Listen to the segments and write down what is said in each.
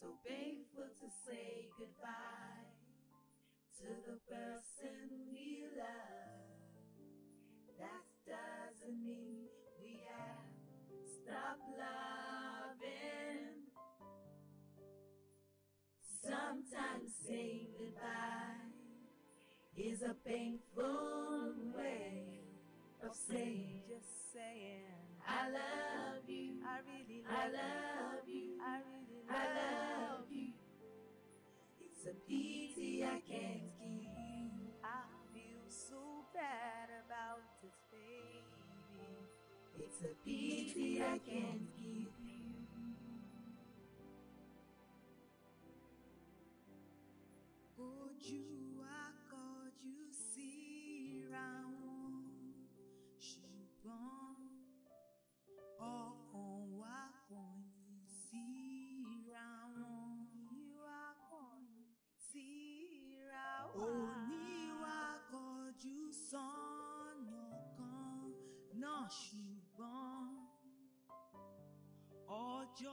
So painful to say goodbye to the person we love. That doesn't mean we have stopped loving. Sometimes saying goodbye is a painful way of saying, just saying, I love you, I really love, I love you, you, I really love, I love that I can give you. Ojú akọjú síra wọn, ṣùgbọ́n ọkàn wa kọ̀yìn síra wọn. Ìwà kọ̀yìn síra wa. Òní wa kọjú sọ́nà kan náà ṣùgbọ́n. joy.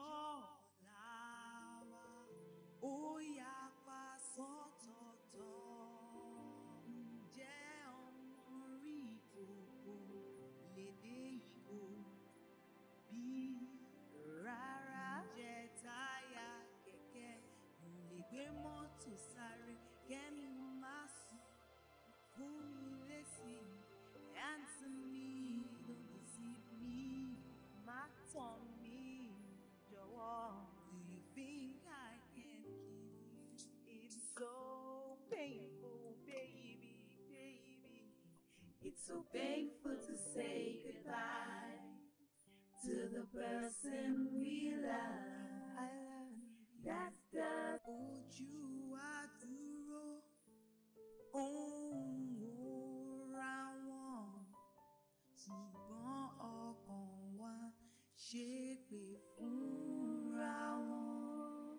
So painful to say goodbye to the person we love. I love That's the ojú wa dúró ohun òra wọn ṣùgbọ́n ọkàn wa ṣépè fúnra wọn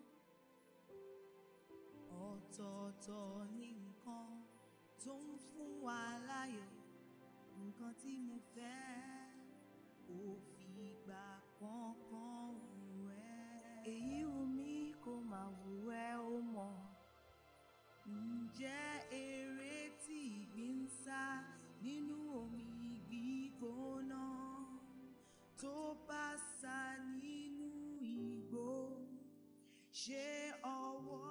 ọ̀tọ̀ọ̀tọ̀ ní nǹkan tó ń fún wa láyọ̀. nǹkan tí mo fẹ́ kò fìgbà kankan wù ẹ́. èyí wù mí kó máa wù ẹ́ ó mọ̀. ǹjẹ́ eré tí ìgbín ń sá nínú omi gbígbóná tó bá sá nínú igbó ṣé ọwọ́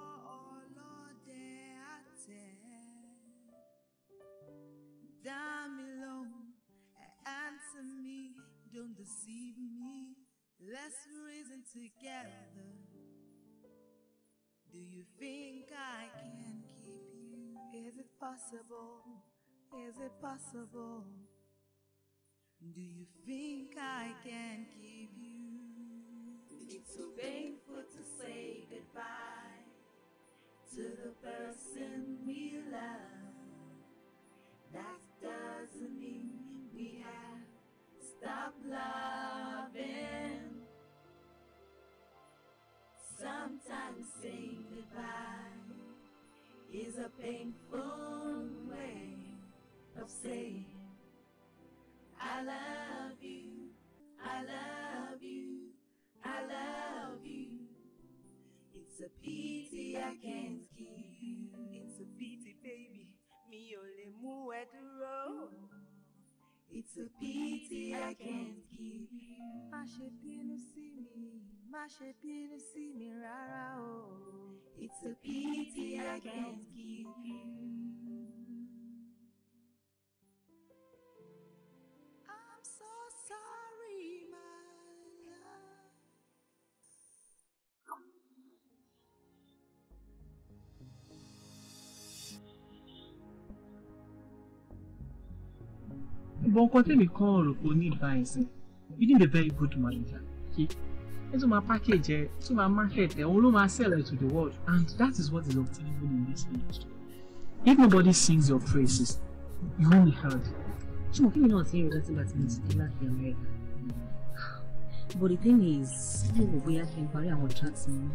possible? Is it possible? Do you think I can give you? It's so painful to say goodbye to the person we love. That doesn't mean we have stopped loving. Sometimes saying goodbye is a painful say, I love you, I love you, I love you. It's a pity I can't keep you. It's a pity, baby, mi ò lè mú It's a pity I can't keep you. Má ṣe in sí mi, rárá It's a pity I can't keep you. bọ̀ nǹkan tèmi kan rò pé ní báyìí you need a very good manager okay ẹ tún máa package ẹ tún máa market ẹ òun ló máa sell ẹ to the world and that is what is obtainable in this industry if nobody sings your praises you won't be heard. ṣùgbọ́n kí ni náà ti ń rọjá sígbà tí mo ti dé láti America but the thing is mo wò bóyá kí n parí àwọn tracks mi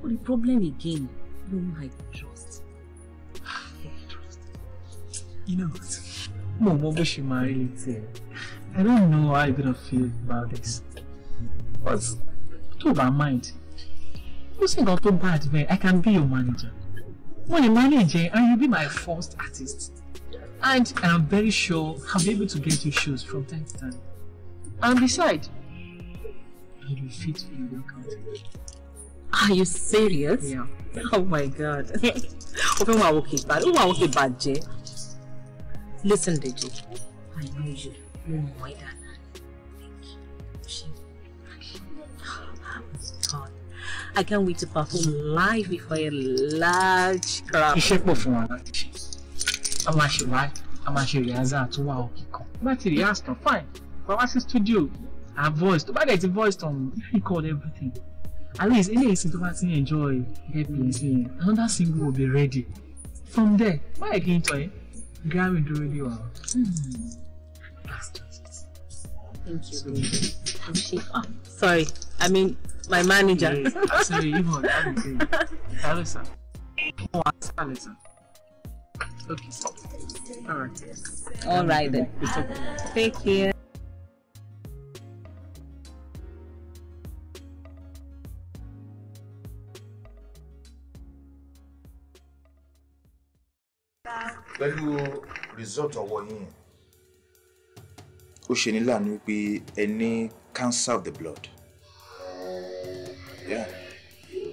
but the problem again no one trust. you know what? mo mọ bó ṣe máa I don't know how you gonna feel about this but tó o bá mind ó think I'm too bad man. I can be your manager mo lè manage and you'll be my first artist and I'm very sure I'll be able to get you shows from time to time and besides I'll be fit in your country. Are you serious? Yeah. Oh my God. Open my wá òkè Open my wá òkè Jay. Listen, Deji. I know you. You know why that. I can't wait to perform live before a large crowd. You should perform. wa láti ṣe. A máa ṣe wá, a máa ṣe rìhásà tó wà òkè kan. Bá ti fine. Bá wá sí studio, a voice tó bá dẹ̀ ti voice tán, record everything. At least any sí tó bá ti enjoy, ẹ̀bí ẹ̀sìn yẹn. Another single will be ready. From there, are kì going to yẹn. Gary do really well. Thank you, baby. And she, oh, sorry, I mean my manager. Yeah, sorry, Yvonne, Alisa. Oh, Alisa. Okay. All right. All right then. Take care. pẹ̀lú result ọwọ́ yín ó ṣe ní láàánú wípé ẹ ní cancer of the blood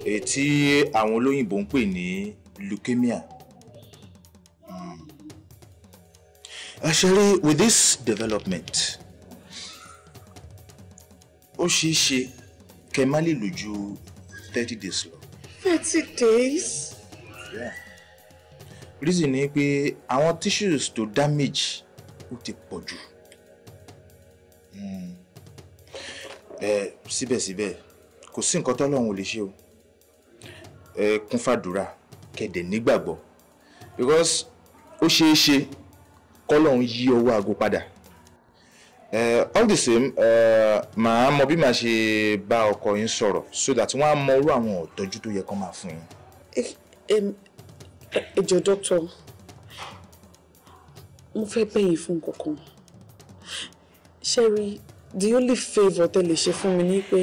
èyí tí àwọn olóyìnbó ń pè ní leukemia hmm. actually with this development ó ṣeé ṣe kẹ́ má lè lò ju thirty days lọ. thirty days. Yeah reason ni pé àwọn tissues to damage ó ti pọ̀ jù hmm. síbẹ̀síbẹ̀ kò sí nǹkan tọ́lọ́run ò lè ṣe o ẹ kún fàdúrà kẹ̀dẹ̀ nígbàgbọ́ because ó ṣeé ṣe kọ́lọ́run yí ọwọ́ aago padà uh, all the same uh, màá mọ bí màá ṣe bá ọkọ yín sọ̀rọ̀ so that wọ́n á mọ irú àwọn ìtọ́jú tó yẹ kó máa fún yín ẹ jọ̀ọ́ dókítà mo fẹ́ bẹ̀ yín fún kankan ṣẹ́rí the only favour tẹ́ lè ṣe fún mi ni pé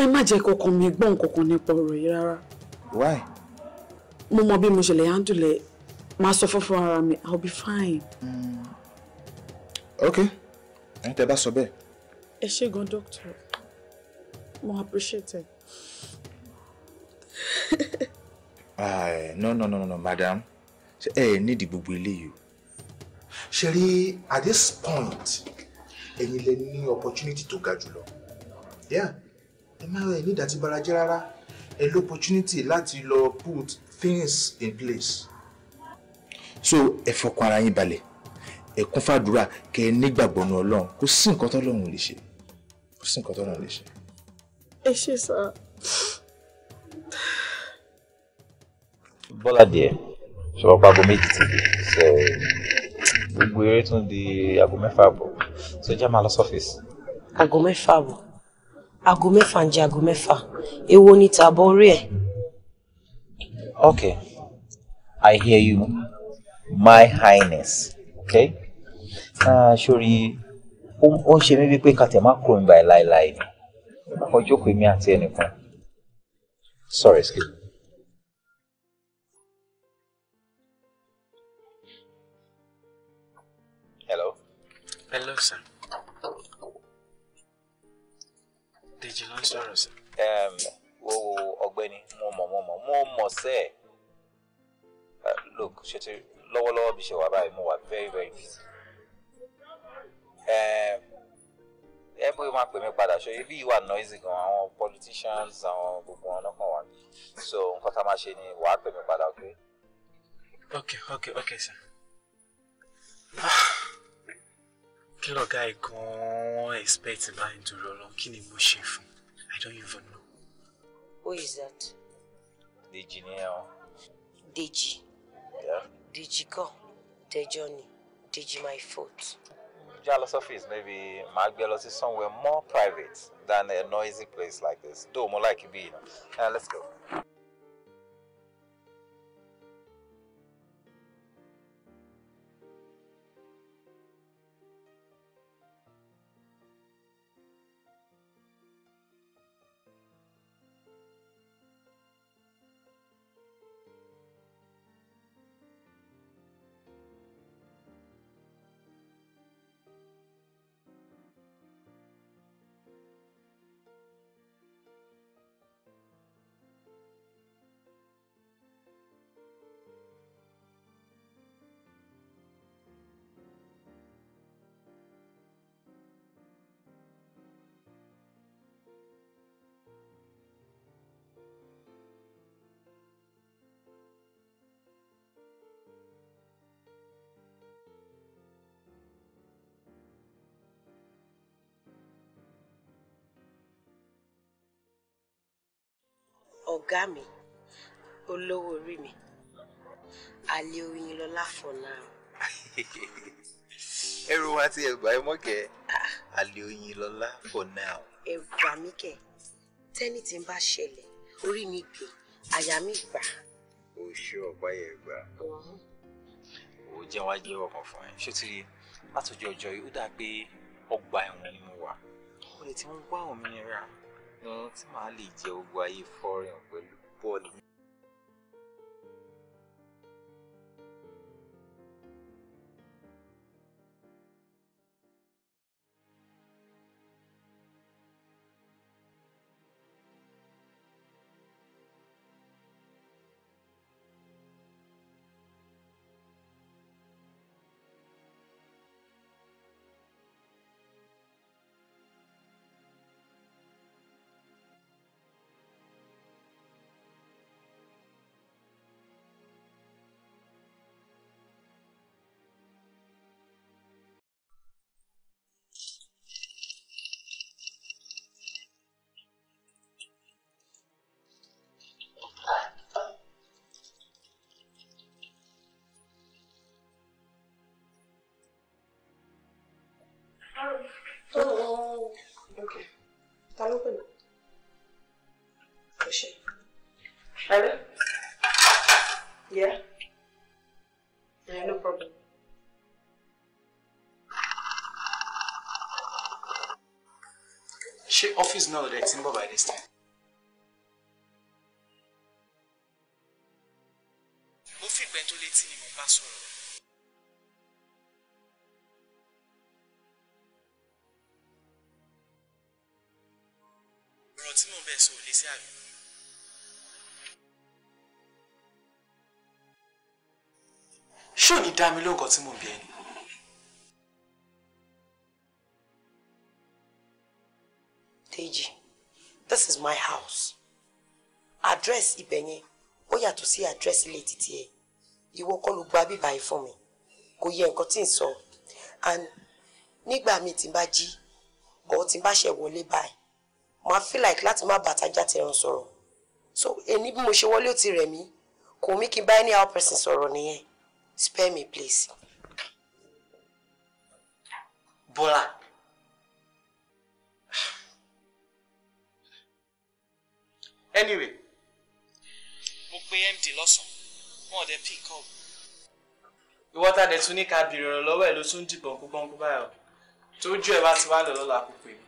ẹ má jẹ́ kọkàn mi gbọ́n kankan nípa ọ̀rọ̀ yìí rárá. why. mo mọ bí mo ṣe lè handle máa sọ fún fúnra mi i will be fine. Mm. ok ẹni tẹ́ bá sọ bẹ́ẹ̀. ẹ ṣé gan dókítà mo appreciate it. no no no no madam ẹ ẹ nídìí gbogbo eléyìí o ṣe rí at this point ẹ̀yin lè ní opportunity tó ga jùlọ ẹ má ẹ ní ìdàtí bara jẹ́ rárá ẹ ló opportunity láti lọ put things in place. so ẹ fọkàn ara yín balẹ̀ ẹ kún fàdúrà kẹ ẹ nígbàgbọ́ ní ọlọ́run kò sí nǹkan tọ́lọ́run lè ṣe kò sí nǹkan tọ́lọ́run lè ṣe. ẹ ṣe sá. Bọ́ládé ẹ̀ ṣọwọ́ pa aago méjì ti so gbogbo eré tún di aago mẹ́fà àbọ̀ so jẹ́ máa lọ sọ́fíìsì. aago mẹ́fà àbọ̀ aago mẹ́fà ń jẹ́ aago mẹ́fà èwo ni tààbọ̀ orí ẹ̀. Okay, I hear you, my highness. Okay? Uh, ah, sori ó ń ṣe mí bíi pé kàtẹ́ má kúrò ń báyìí láéláé ni ọjọ́ pé mi àti ẹnìkan. Sorry, excuse me. sir. Dèjì ló ń sọ̀rọ̀ sí. Wo ogbeni, mo mọ̀ mo mọ̀ mo mọ̀ sẹ́ ẹ̀. Uh, look, ṣe lower, lower, bí ṣe wà báyìí, mo wà very very busy. Ẹ bó máa pè mí padà you ibi ìwà noisy go on, politicians àwọn gbogbo wọn náà kàn wá. So nǹkan tá a máa ṣe ni wàá pè mí Okay, okay, Ok sir. Ah kí lọ́gá ẹ̀ gan-an expect báyìí nítorí ọlọ́run kí ni mo ṣe fún I don't even know. Who is that? Deji ni ẹ o. Deji. Yeah. Deji gan. Dejo ni. Deji my fault. Jala's office maybe máa gbé lọ sí somewhere more private than a noisy place like this. Though mo like you be, you Uh, let's go. ọ̀gá mi olówó orí mi àlè oyin lọlá fọ̀nà. ẹrù wa ti ẹgbà ẹ mọ́kẹ́ àlè oyin lọlá fọ̀nà. ẹrù wa mi kẹ tẹ́nì tí ń bá ṣẹlẹ̀ orí mi gbè àyà mi gbà. oṣù ọ̀pá yẹn gbà. ò jẹ́ wá jẹ́wọ́ kan fún ẹ ṣé ti látọjọ́ ọjọ́ yìí ó dà pé ọgbà ẹ̀wọ̀n ni mo wà. olè tí wọ́n gbọ́ àwọn mi nira gan tí màá lè jẹ gbogbo ayé fọ́rin pẹ̀lú bọ́ọ̀lù should know that it's in by this time. Mo fi ìgbẹ́ tó létí ni mo bá sọ̀rọ̀. Ọ̀rọ̀ tí mo bẹ̀ sọ ò lé sí àbí. my house address ibẹ̀ yẹn ó yàtọ̀ sí address ilé títí You will call Ugbabi by for me. Go mi kò yẹ nǹkan tí and nígbà me tí n bá jí or tí n bá ṣẹ̀ wọlé báyìí feel like láti má bàtà jáde ẹran sọ̀rọ̀ so èmi bí mo ṣe wọlé ó ti rẹ̀ mí kò mí any how person sọ̀rọ̀ nìyẹn spare me please. Bola. anyway. mo pe md lọ́sàn-án wọn ò dé pick up. ìwọ ta dẹ̀ tún ní ká bèrè ọ̀rọ̀ lọ́wọ́ ẹ̀ ló tún dìbọn kú bọ́ńkú báyọ̀ tó jù ẹ̀ bá ti wá lọ lọ́la àkókò èmi.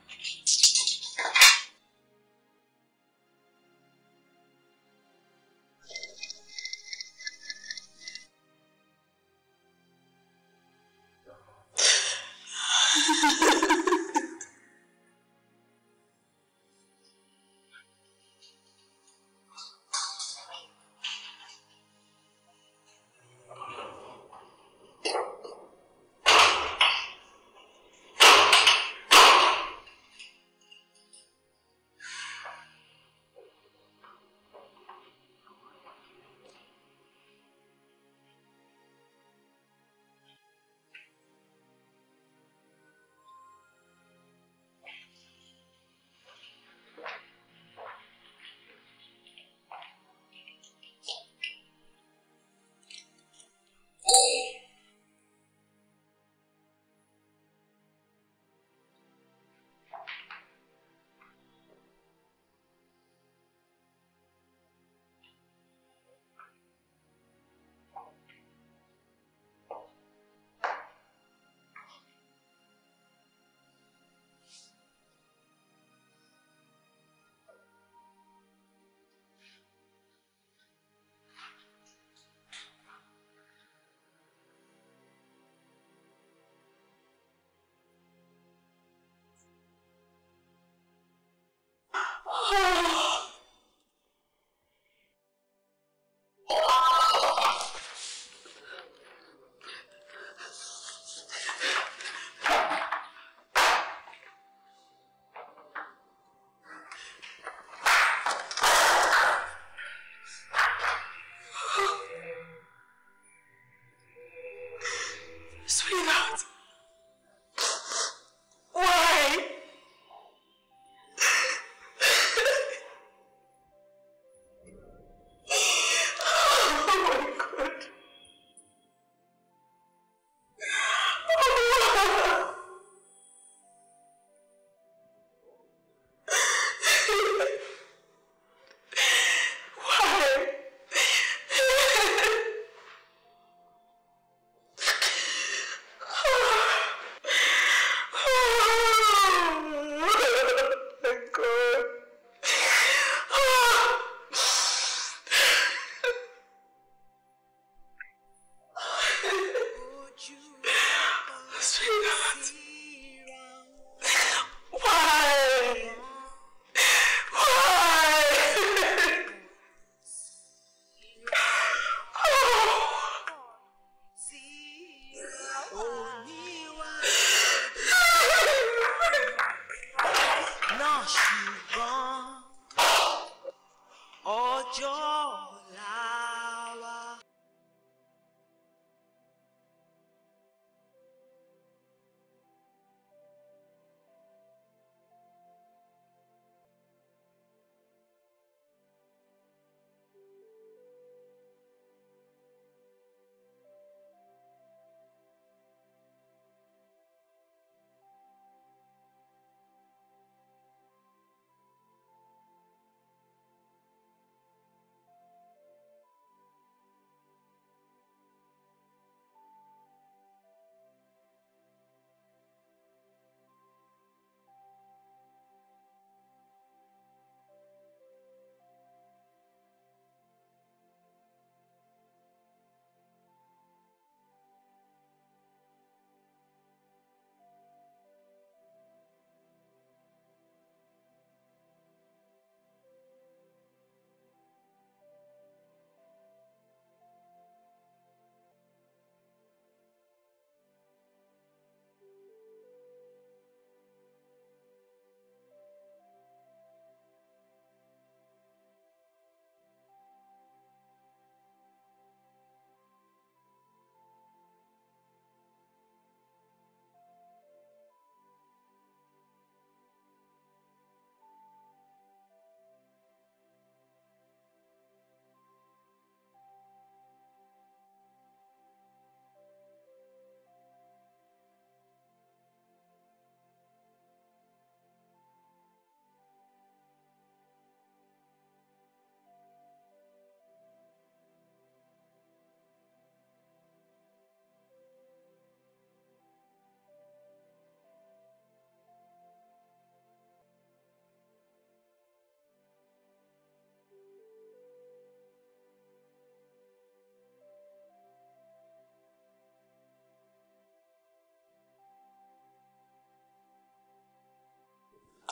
Oh!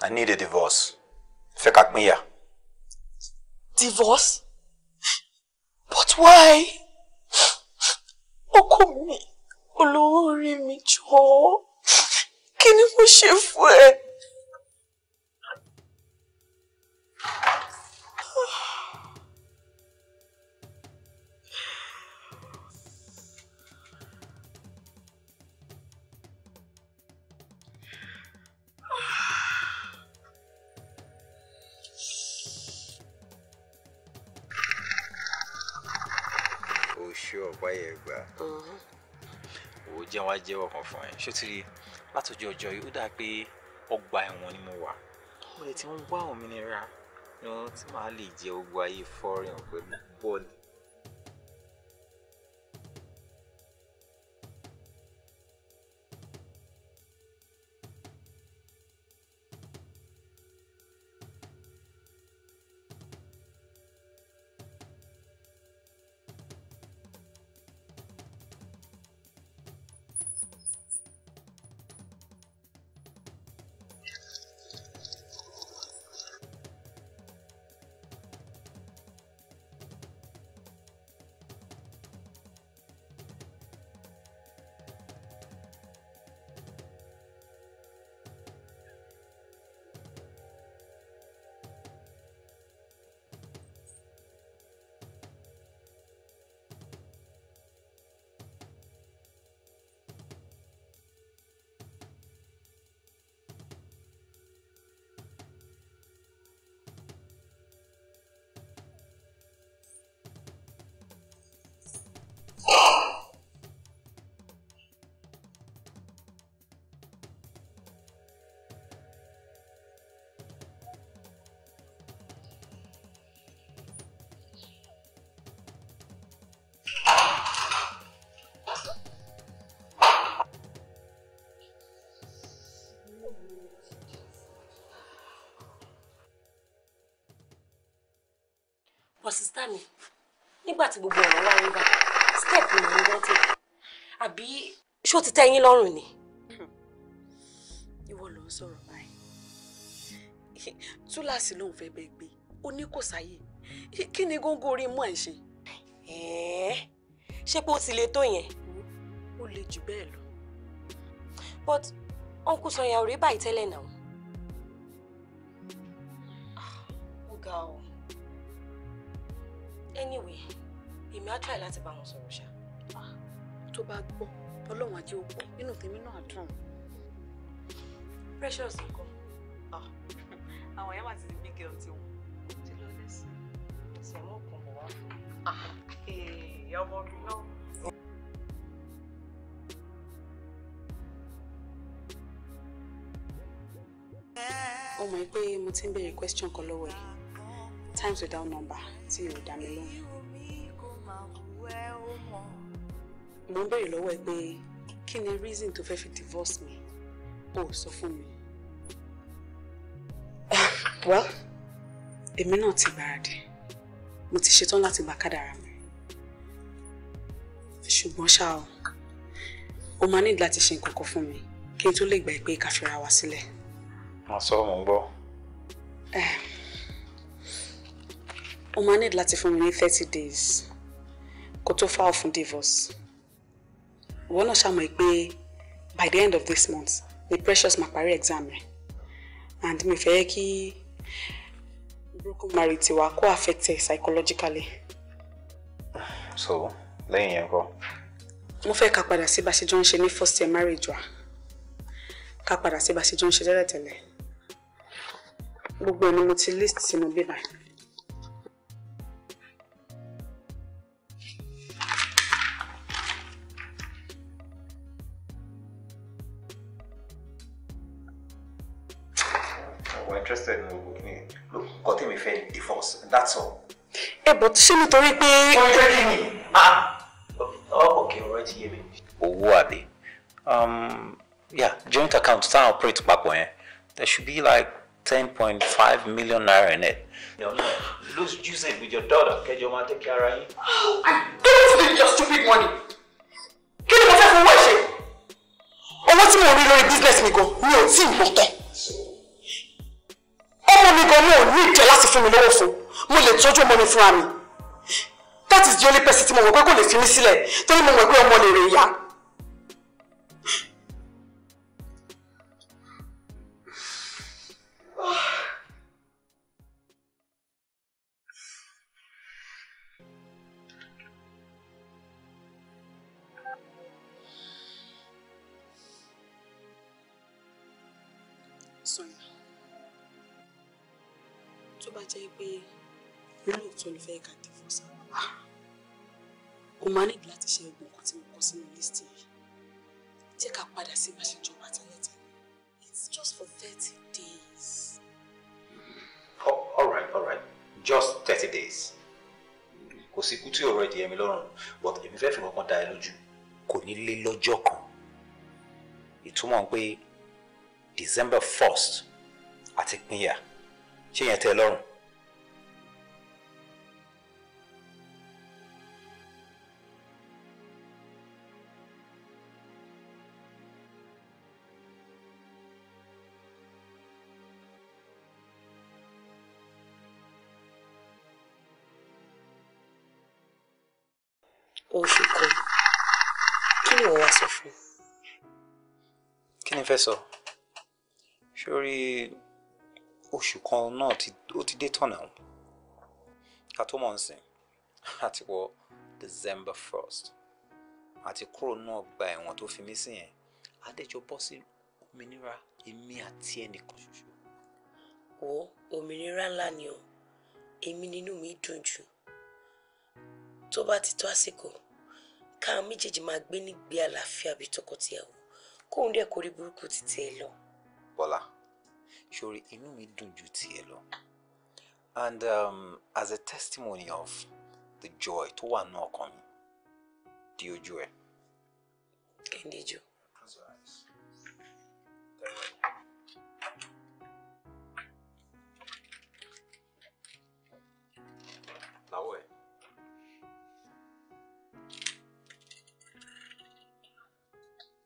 I need a divorce. Fẹ́ ká Divorce? But why? Ọkọ mi, olówó orí mi jọ̀ọ́. Kí ni mo wáyé ẹ gbà ó jẹ́ wá jẹ́wọ́ kan fún ẹ ṣó látọjọ́ ọjọ́ yìí ó dáa pé ọgbà ẹ̀wọ̀n ni mo wà mo lè ti ń wá òmìnira ni wọ́n ti máa lè jẹ ogun ayé fọ́rin pẹ̀lú bọ́ọ̀lù bọ́ sísá mi nígbà tí gbogbo ọ̀rọ̀ wá ń gbà step ni mo ń gbọ́tẹ̀ àbí ṣó ti tẹ́ yín lọ́rùn ni. ìwọ ló ń sọ̀rọ̀ báyìí túláàsì lòun fẹ́ bẹ́ẹ̀ gbé ó ní kò sáyè kí ni góńgó orí mú ẹ̀ ń ṣe. ṣé pé ó ti le tó yẹn. ó le jù bẹ́ẹ̀ lọ. but uncle Sonya ò rí báyìí tẹ́lẹ̀ náà. Ah, ó ga ọ́ anyway èmi á try láti bá wọn sọ̀rọ̀ ṣá. Ah, tó bá gbọ́ ọlọ́run àti okùn nínú tèmi náà á dùn. precious nǹkan. Ah, àwọn yàrá ti di big girl tí wọn kò ti lọ lẹ́sìn sẹ̀mú kan bọ̀ wá fún ah, mi. Eh, ọmọ mi náà. ó mọ̀ pé mo ti ń béèrè question kan lọ́wọ́ yìí times without number tí o dá mi lóhùn. mo ń béèrè lọ́wọ́ ẹ pé kí ni reason tó fẹ́ fi divorce mi o sọ fún mi. well èmi náà ti gbáradì mo ti ṣetán láti gba kádàrá mi ṣùgbọ́n ṣá o o máa ní láti ṣe nǹkan kan fún mi kí n tó lè gbà pé ká fira wa sílẹ̀. mo sọ mo ń gbọ́ o máa need láti fún mi ní thirty days kó tó fáwọn fún divorce ìwọ náà ṣàmọ̀ pé by the end of this month The precious máa parí exam rẹ̀ and mi fẹ́ kí broken marriage tiwa kó affect ẹ psychologically. so lẹ́yìn yẹn kọ́. mo fẹ́ ká padà sí bá a ṣe ní first year marriage wa ká padà sí bá a ṣe jọ ń tẹ́lẹ̀tẹ́lẹ̀ gbogbo ẹni mo ti list sínú bíbá yìí. interested in gbogbo kìíní yẹn kọ́ tèmi fẹ́ divorce that's all. Hey, eh, but ṣé nítorí pé. ó jẹ́ kí Ah, oh, okay. ẹ ti yé mi. owó Um, yeah joint account táwọn operate papọ̀ yẹn there should be like ten point five million naira in it. No, no. Lose use it with your daughter. Kẹjọ máa take care of yín. I don't need your stupid money. Kí ni mo fẹ́ fún owó ẹ̀ṣẹ̀? Owó tí mo rí lórí business mi go? mi ò tí ì lò ọmọ mi gan mi ní ìjẹ láti fún mi lówó fún mo lè tọ́jú ọmọ mi fúnra mi that is the only person tí mo mọ̀ pé kò lè fi mí sílẹ̀ torí mo mọ̀ pé ọmọ lè rè ya. Sonia tó bá jẹ́ pé lóòótọ́ ló fẹ́ ká divorce ah, o máa nílò láti ṣe oògùn kan tí mo kọ sínú list yìí jẹ́ ká padà sí bá ṣe jọba tẹ́lẹ̀tẹ́lẹ̀ it's just for thirty days. Oh, all right all right just thirty days kò sí ikú tí ọ̀rọ̀ ẹ̀dì ẹ̀mí lọ́rùn but èmi fẹ́ fi kankan dá ẹ lójú kò ní lé lọ́jọ́ kan ìtumọ̀ pé December first àti pínyà ṣé yẹn tẹ́ lọ́rùn. ó fi kún kí ni òun wá sọ fún un. kí ni fẹ́ sọ sórí. Surely oṣù kan náà ó ti dé tọ̀nà ká tó mọ̀ ń sìn àti wọ December first àti kúrò náà gba ẹ̀wọ̀n tó fi mí sí yẹn adéjọ bọ́ sí òmìnira èmi àti ẹnìkan ṣoṣo. wo òmìnira ńlá ni o èmi nínú mi dùn jù tó bá ti tó àsìkò káwọn méjèèjì máa gbé nígbé àlàáfíà bíi tọkọtìyàwó kóun dẹ̀ kórè burúkú ti tiẹ̀ lọ. bọ́lá. Voilà sori inú mi dùn ju tiẹ̀ lọ and um, as a testimony of the joy tó wà ní ọkàn mi di ojú ẹ. kíni jù. láwọ̀ ẹ̀.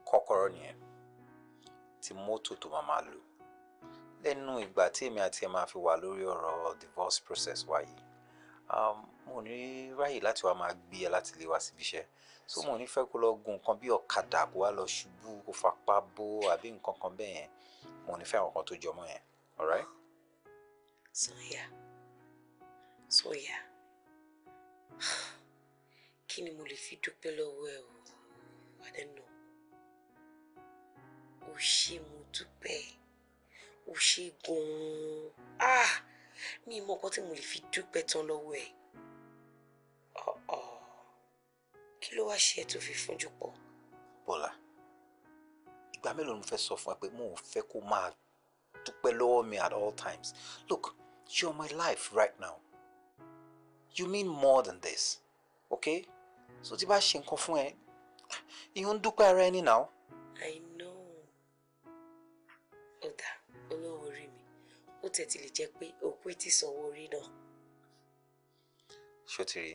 kọ́kọ́rọ́ nìyẹn ti mọ́tò tó máa máa lò lẹ́nu ìgbà tí èmi àti ẹ̀ máa fi wà lórí ọ̀rọ̀ divorce process wa yìí um, mo ní ráyè láti wá máa gbé ẹ láti lè wá síbi iṣẹ́ so mo ní fẹ́ kó lọ gun nǹkan bí ọ̀kadà kó wá lọ ṣubú kó fapá bó àbí nǹkan kan bẹ́ẹ̀ yẹn mo ní fẹ́ àwọn kan tó jọmọ́ yẹn alright. Sanya Sanya kí ni mo lè fi dúpẹ́ lọ́wọ́ ẹ o I don't know o ṣé mo dúpẹ́ yìí ó ṣe gan-an ah mi mọ nǹkan tí mo lè fi dúpẹ́ tán lọ́wọ́ ẹ̀ kí ló wá ṣe ẹ tó fi fúnjú pọ̀. bọ́lá ìgbà mélòó ni mo fẹ́ sọ fún ẹ pé mo ò fẹ́ kó máa dúpẹ́ lọ́wọ́ mi at all times look you are my life right now you mean more than this okay so tí bá ṣe nǹkan fún ẹ ìyẹn ń dúpẹ́ ara ẹni náà. I know. Ó dáa ó tẹ̀ ti lè jẹ́ pé òkú ti sanwó orí náà. ṣòtìrì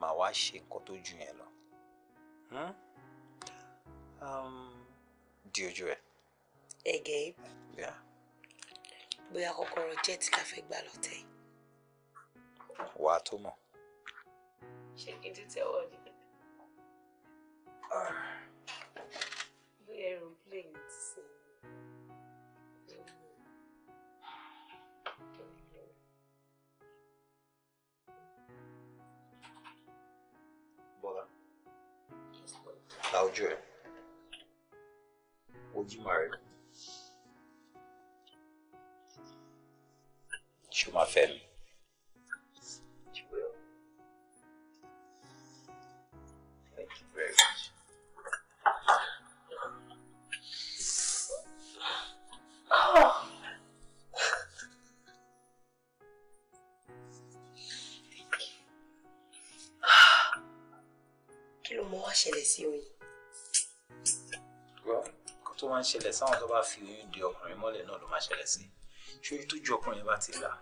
màá wá ṣe nǹkan tó ju yẹn lọ hmm? um, di ojú ẹ. ẹgẹ ibà. bóyá kọ́kọ́rọ́ jẹ́ẹ̀tì la fẹ́ gbà lọ́tẹ̀ yìí. wà á tó mọ̀. ṣé kí n tún tẹ́wọ̀ ni. Ah. la ojú ẹ̀ ojúmọ́ rẹ̀ ṣé o máa fẹ́ mi. ṣẹlẹ̀ sí oyin tó máa ń ṣẹlẹ̀ sáwọn tó bá fi oyún de ọkùnrin mọ́lẹ̀ náà ló máa ṣẹlẹ̀ sí ṣé tó ju ọkùnrin bá ti là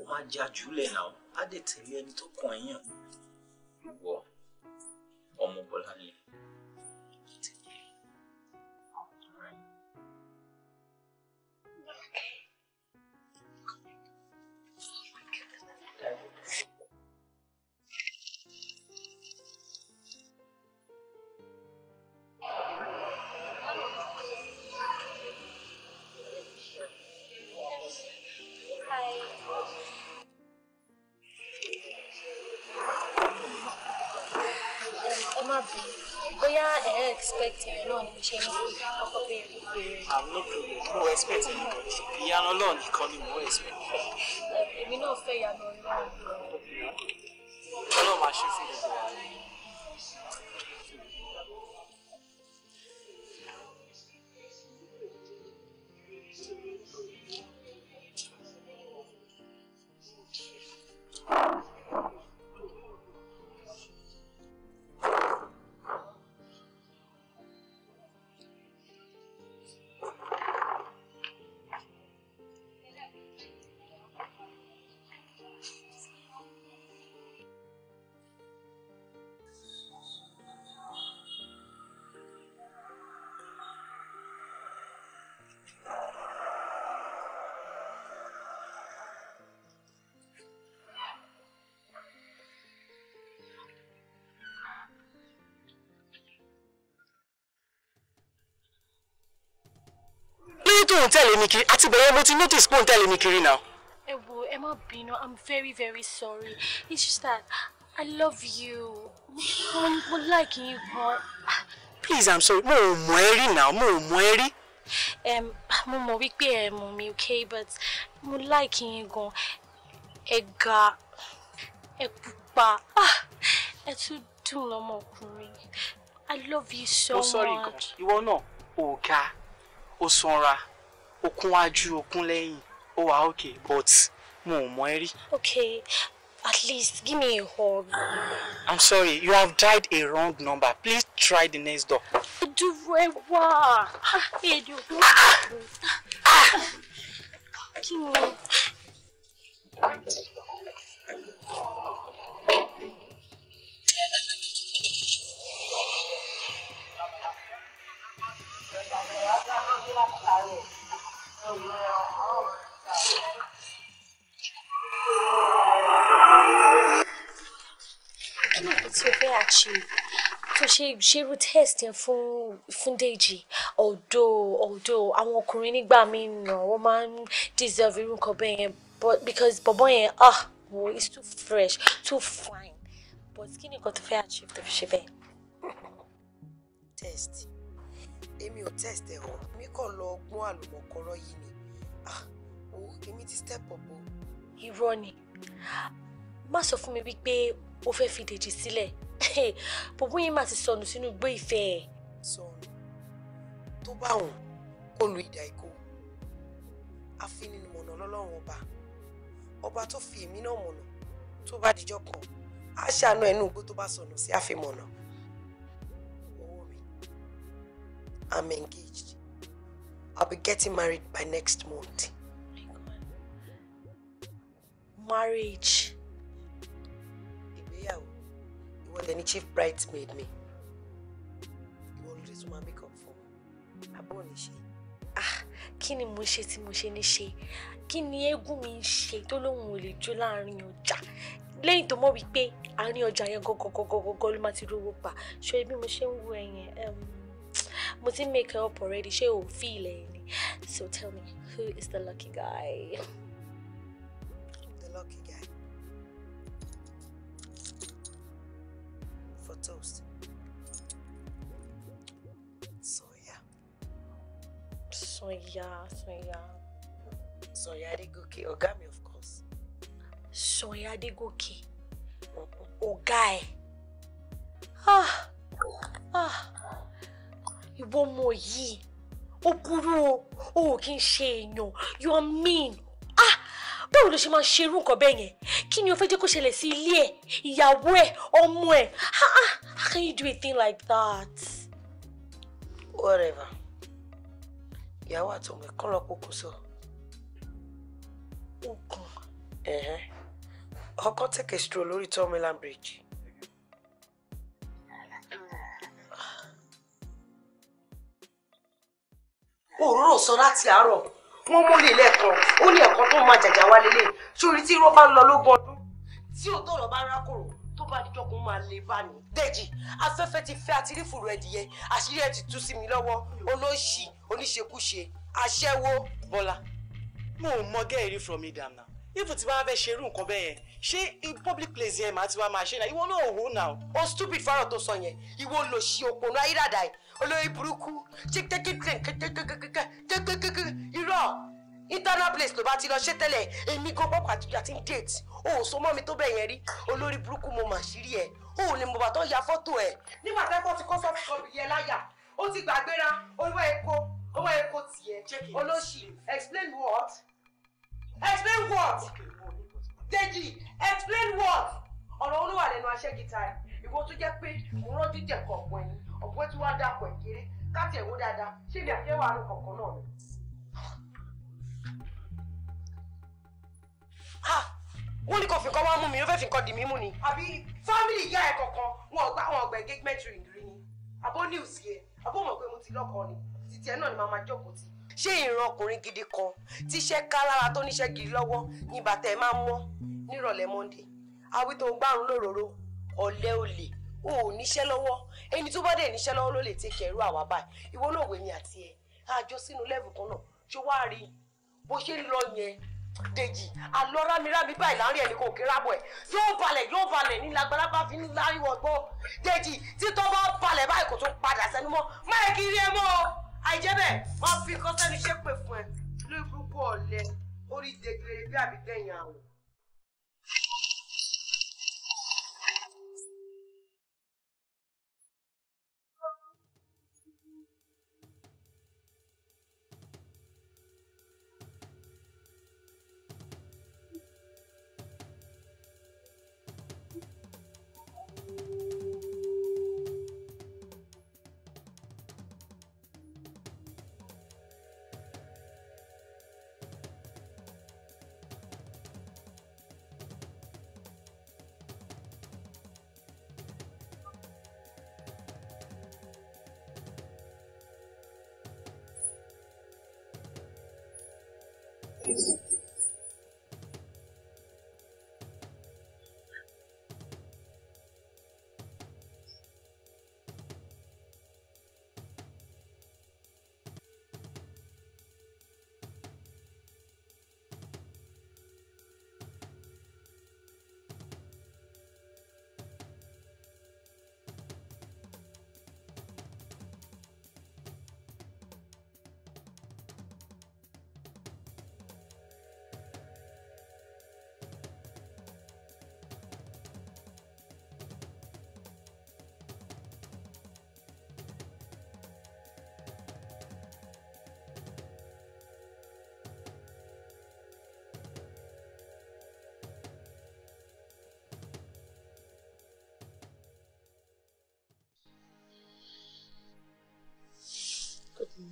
ó máa já jùlẹ̀ náà á dẹ̀ tẹ̀lé ẹni tó kàn yàn wọ ọmọ bọ́lá nìyẹn. tó ń tẹ̀lé mi kiri àti bẹ̀rẹ̀ mo ti notice pé ó ń tẹ̀lé mi kiri náà. ẹ wo ẹ má bínú i'm very very sorry it's just that i love you mo like you gan. please i'm sorry mo ò mọ̀ ẹ́ rí náà mo ò mọ̀ ẹ́ rí. mo mọ̀ wípé ẹ mọ̀ mi okay but mo like yín gan ẹ ga ẹ pupa ah, ẹ tún dùn lọ́mọkùnrin i love you so much. mo sọrí gan ìwọ náà ò ga ó sanra okun wájú okun lẹ́yìn ó wà okay but mo mọ ẹ rí. okay at least give me a hug. i'm sorry you have dialed a wrong number please try the next door. dúró ẹ wá èdè òkú kí ni nǹkan tí o fẹ́ achieve tó ṣe ṣerú test yẹn fún fún Dèjì ọ̀dọ̀ ọ̀dọ̀ àwọn ọkùnrin nígbà míì náà wọ́n máa ń deserve irú nǹkan bẹ́ẹ̀ yẹn but because bọ̀bọ̀ yẹn ah wo it's too fresh too fine but kí ni nǹkan tó fẹ́ achieve tó fi ṣe bẹ́ẹ̀. test èmi ò test ẹ̀ o mi kàn lọ gbọ́n àlùmọ̀kọ́rọ́ yìí ni ah, o èmi ti step up o. irọ́ ni má sọ fún mi wípé o fẹ́ fi dèjì sílẹ̀ bùbú yìí má ti sọnù sínú igbó ìfẹ́ ẹ̀. sọnù tó bá wọn kó lu ìdá ikú afinimọ̀nà lọ́lọ́run ọba ọba tó fi èmi náà mọ̀nà tó bá dijọ́ kan á ṣàánú ẹnu igbó tó bá sọnù sí àfimọ̀nà. I'm engaged. I'll be getting married by next month. Oh Marriage. you Ìwọ lẹni chief bridesmaid me? You lórí tó máa make up for me. Àbọ̀ lè she. Ah, kini ni mo ṣe tí mo ṣe ní ṣe? Kí ni eégún mi ń ṣe tó lóun ò lè jó láàrin ọjà? Lẹ́yìn tó mọ̀ wípé àárín ọjà yẹn gọ́gọ́gọ́gọ́gọ́ ló máa ti rówó pa. Ṣé bí mo ṣe ń wo ẹ̀yìn? mo make up already She o feel so tell me who is the lucky guy. the lucky guy for toast. So yeah, Soya. Soya Adegoke, ọ̀gá mi of course. Soya Adegoke, Oh guy. Ah, ah. ìwọ ọmọ yìí ó burú o ò kí ń ṣe èèyàn you are mean ah báwo ló ṣe máa ṣe irú nǹkan bẹ́ẹ̀ yẹn kí ni o fẹ́ jẹ́ kó ṣẹlẹ̀ sí ilé ẹ̀ ìyàwó ẹ̀ ọmọ ẹ̀ ah ah how can you do a thing like that. whatever ìyàwó àtọmọ ẹ kọ́ lọ kókó sọ. ogun. ọkọ take a stroll lórí Tomiland Bridge. òróró sọ láti àárọ̀ wọ́n múlẹ̀ lẹ́ẹ̀kan ó ní ẹ̀kan tó máa jàjà wá lélẹ̀ sórí tí irọ́ bá ń lọ lógún ọdún tí òótọ́ ọ̀rọ̀ bá rákòrò tó bá díjọ́ kó máa lè bá ní. Dèjì afẹ́fẹ́ ti fẹ́ àti rífùrù ẹ̀dìyẹ àṣírí ẹ̀ ti tú sí mi lọ́wọ́ olóṣì oníṣekúṣe aṣẹ́wó Bọ́lá. mo ò mọ gẹ́ẹ̀rí from idam na if ti bá fẹ́ ṣe irú nǹkan bẹ́ẹ̀ yẹn ṣé in public place yẹn màá ti wá máa ṣe náà ìwọ náà wò náà. o stupid fara tó sọ yẹn ìwọ lòṣì òpònú ayírádà yìí olórí burúkú irọ́ internal place ló bá ti lọ ṣe tẹ́lẹ̀ èmi gan pọ́pọ́ àtijọ́ àti date o ò so mọ́ mi tó bẹ̀ yẹn rí olórí burúkú mo mà ṣírí ẹ̀ o ò lè mọ̀ bàtọ́ ya fọ́tò ẹ̀. nígbà tẹ́kọ̀ọ́ ti kọ́ sọ́ọ̀tì kọ́ọ̀bù yẹn láyà ó ti gbàgbéra owó epo owó epo tiẹ̀ olóṣì explain what explain what Deji explain what ọ̀rọ̀ olúwa lẹ́nu aṣẹ́gita ẹ̀ ìwọ tó jẹ́ pé òun rántí jẹ̀kọ̀ ọ̀pọ̀ ẹ̀yìn ọ̀pọ̀ tí wàá dàpọ̀ ìkéré káàtì ẹ̀wọ́ dáadáa ṣé ibi àti ẹ̀wà àrùn kọ̀ọ̀kan náà ni. wọ́n ní kò fi kọ́ wá mú mi ló fẹ́ fi kọ́ di mí mú ni. àbí fámìlì ìyá ẹ̀ kọ̀ọ̀kan wọn ò gbà wọn ọgbà engagement ring rí ni àbó news yẹ àbó mọ̀ pé mo ti lọ́kọ ni títí ẹ̀ náà ni màá máa jókòó ti. ṣé ìran ọkùnrin gidi kan tíṣẹ́ ká lára tó níṣẹ́ gidi lọ́wọ́ ni bàtà ẹ̀ máa ń mọ́ nírọ̀lẹ́ Monday awító gbárùn lóróró ọ̀lẹ́ òlè o ò níṣẹ́ lọ́wọ́ ẹni tó bá dẹ̀ níṣẹ́ lọ́wọ́ ló lè tẹ kẹrù àwa báyìí ìwọ náà wèmi àti ẹ àjọ sínú lẹ́ẹ̀bù kan náà ṣé wàá rí bó ṣe ń lọ yẹn dèjì àlọ́ rámirámi báyìí láàrin ẹni kò kí rábọ̀ ẹ̀ yóò balẹ̀ yóò balẹ̀ ní lágbára bá fi ní láàrin ọgbọ́ dèjì títọ́ bá balẹ̀ báyìí kò tún padà sẹ́nu mọ́ máa kí rí ẹ mọ́ ọ àìjẹ́ bẹ́ẹ̀ wọ́n fi kọ́sẹ́nu ṣépè fún ẹ lórí burúkú ọ̀lẹ orí dèjì rẹ bí àbí gbẹ̀yìn àwọ̀.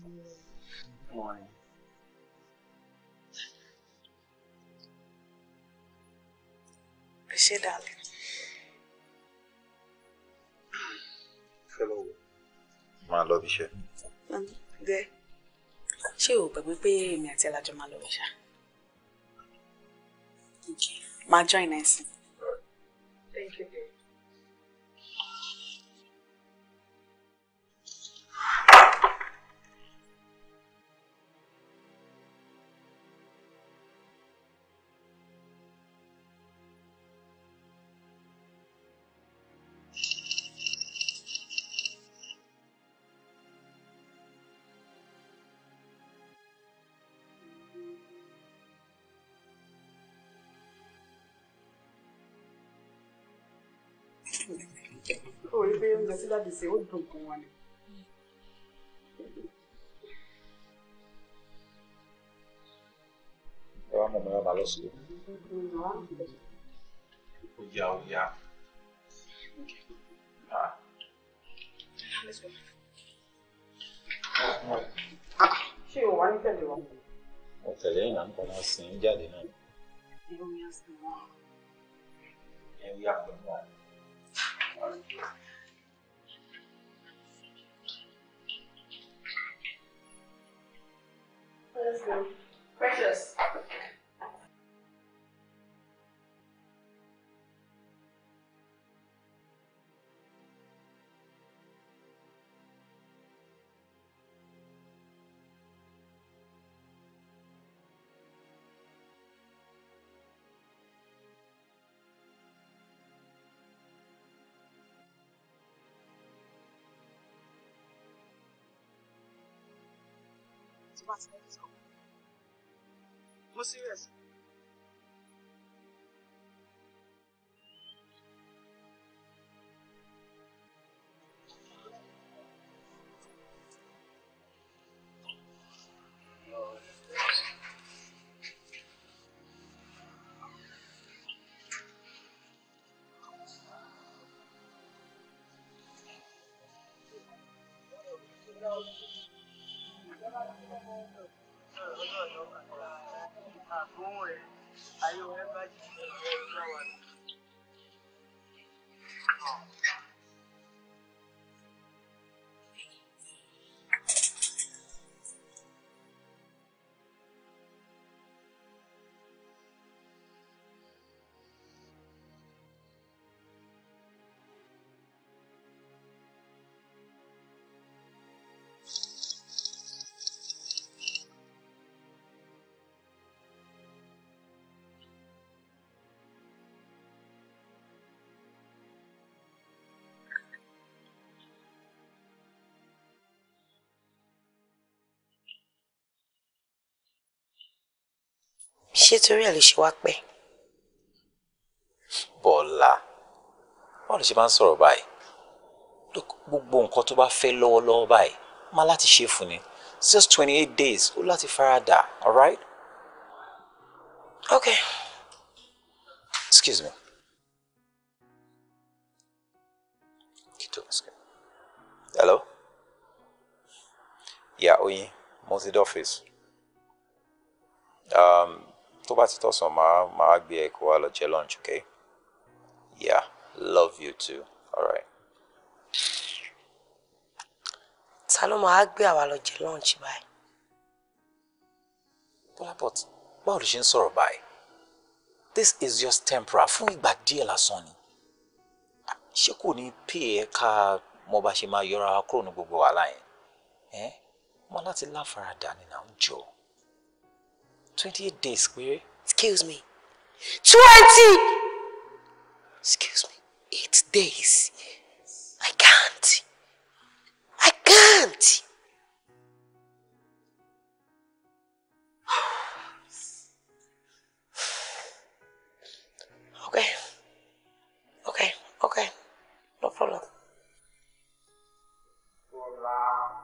Good morning. Appreciate that. Hello. Máa lọ bí iṣẹ́. Gbé. Ṣé o gbàgbé pé èmi àti Ẹlájọ máa lọ bí mm. join ẹ̀sìn. pé mo sí dáàdì sí ó dùn gan wa ni. ẹ wá mọ̀ mi wá máa lọ sílé. ó yá ó yá. ṣé o wà ní tẹ̀lé wa. mo tẹ̀lé ìyàn kan máa sin jáde náà. ẹ ó yá sí wa. ẹ ó yá pẹ̀lú wa. Thank you. Precious. tó bá ti fẹ́ sọ. Aí o remédio de ṣé torí ẹ̀ ló ṣe wá pẹ́. bọ́lá báwo ló ṣe máa ń sọ̀rọ̀ báyìí gbogbo nǹkan tó bá fẹ́ lọ́wọ́lọ́wọ́ báyìí má láti ṣe fún ni just twenty eight days ó láti farada alright. okay excuse me. Hello? Yeah, Oyin, Mozid office. Um, tó bá ti tọ̀sán máa máa gbé ẹ kó wa lọ jẹ lunch okay yeah love you too alright. ta ló máa gbé àwa lọ jẹ lunch báyìí. Bọ́lábọ̀t báwo ló ṣe ń sọ̀rọ̀ báyìí this is just temporary fún ìgbà díẹ̀ lásán ni ṣé kò ní pè é ká mo bá ṣe máa yọra kúrò ní gbogbo wàhálà yẹn ẹ eh? mo láti láfaradà nínú àwùjọ. 28 days péré. excuse me twenty excuse me eight days I can't I can't. okay okay okay no problem. Hola.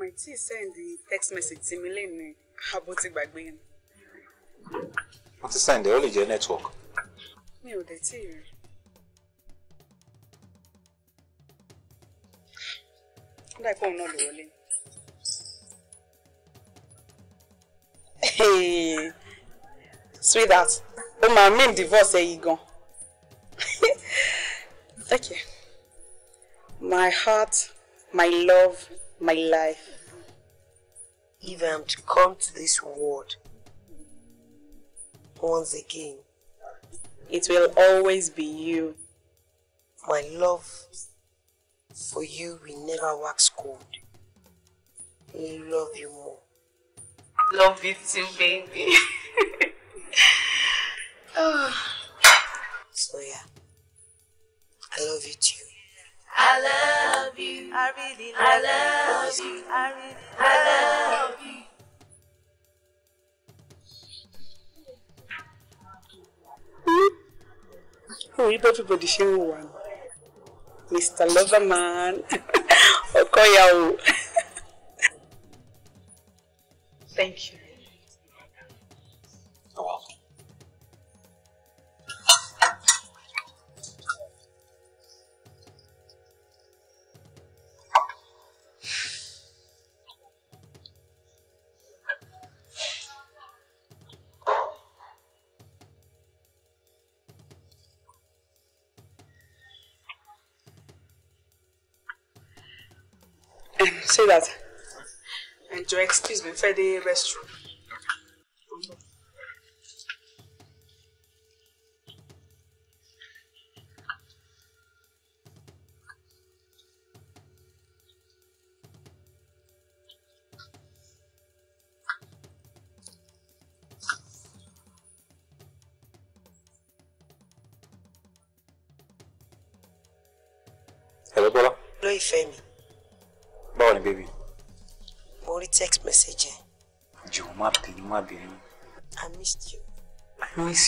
ọmọ ẹ̀ tí ì sẹ́ndì text message sí mi lẹ́nu abo ah, ti gbàgbé ni. wọ́n ti sẹ́ndì ẹ̀ ó lè jẹ́ network. mi ò dẹ̀ tí ì rí. dá ìfọ̀hún náà lò wọlé. sweetheart ó máa mean divorce ẹ yìí gan. okay my heart my love my life if I am to come to this world once again. It will always be you. My love for you will never wax cold. I love you more. Love you too, baby. oh. So yeah, I love you too. I love you. I really love, I love you. you. I really I love you. Oh, you everybody share one. Mr. Loverman. Okoya. Thank you. that. Ẹ jọ̀ọ́ excuse me for the restroom.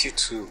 you too.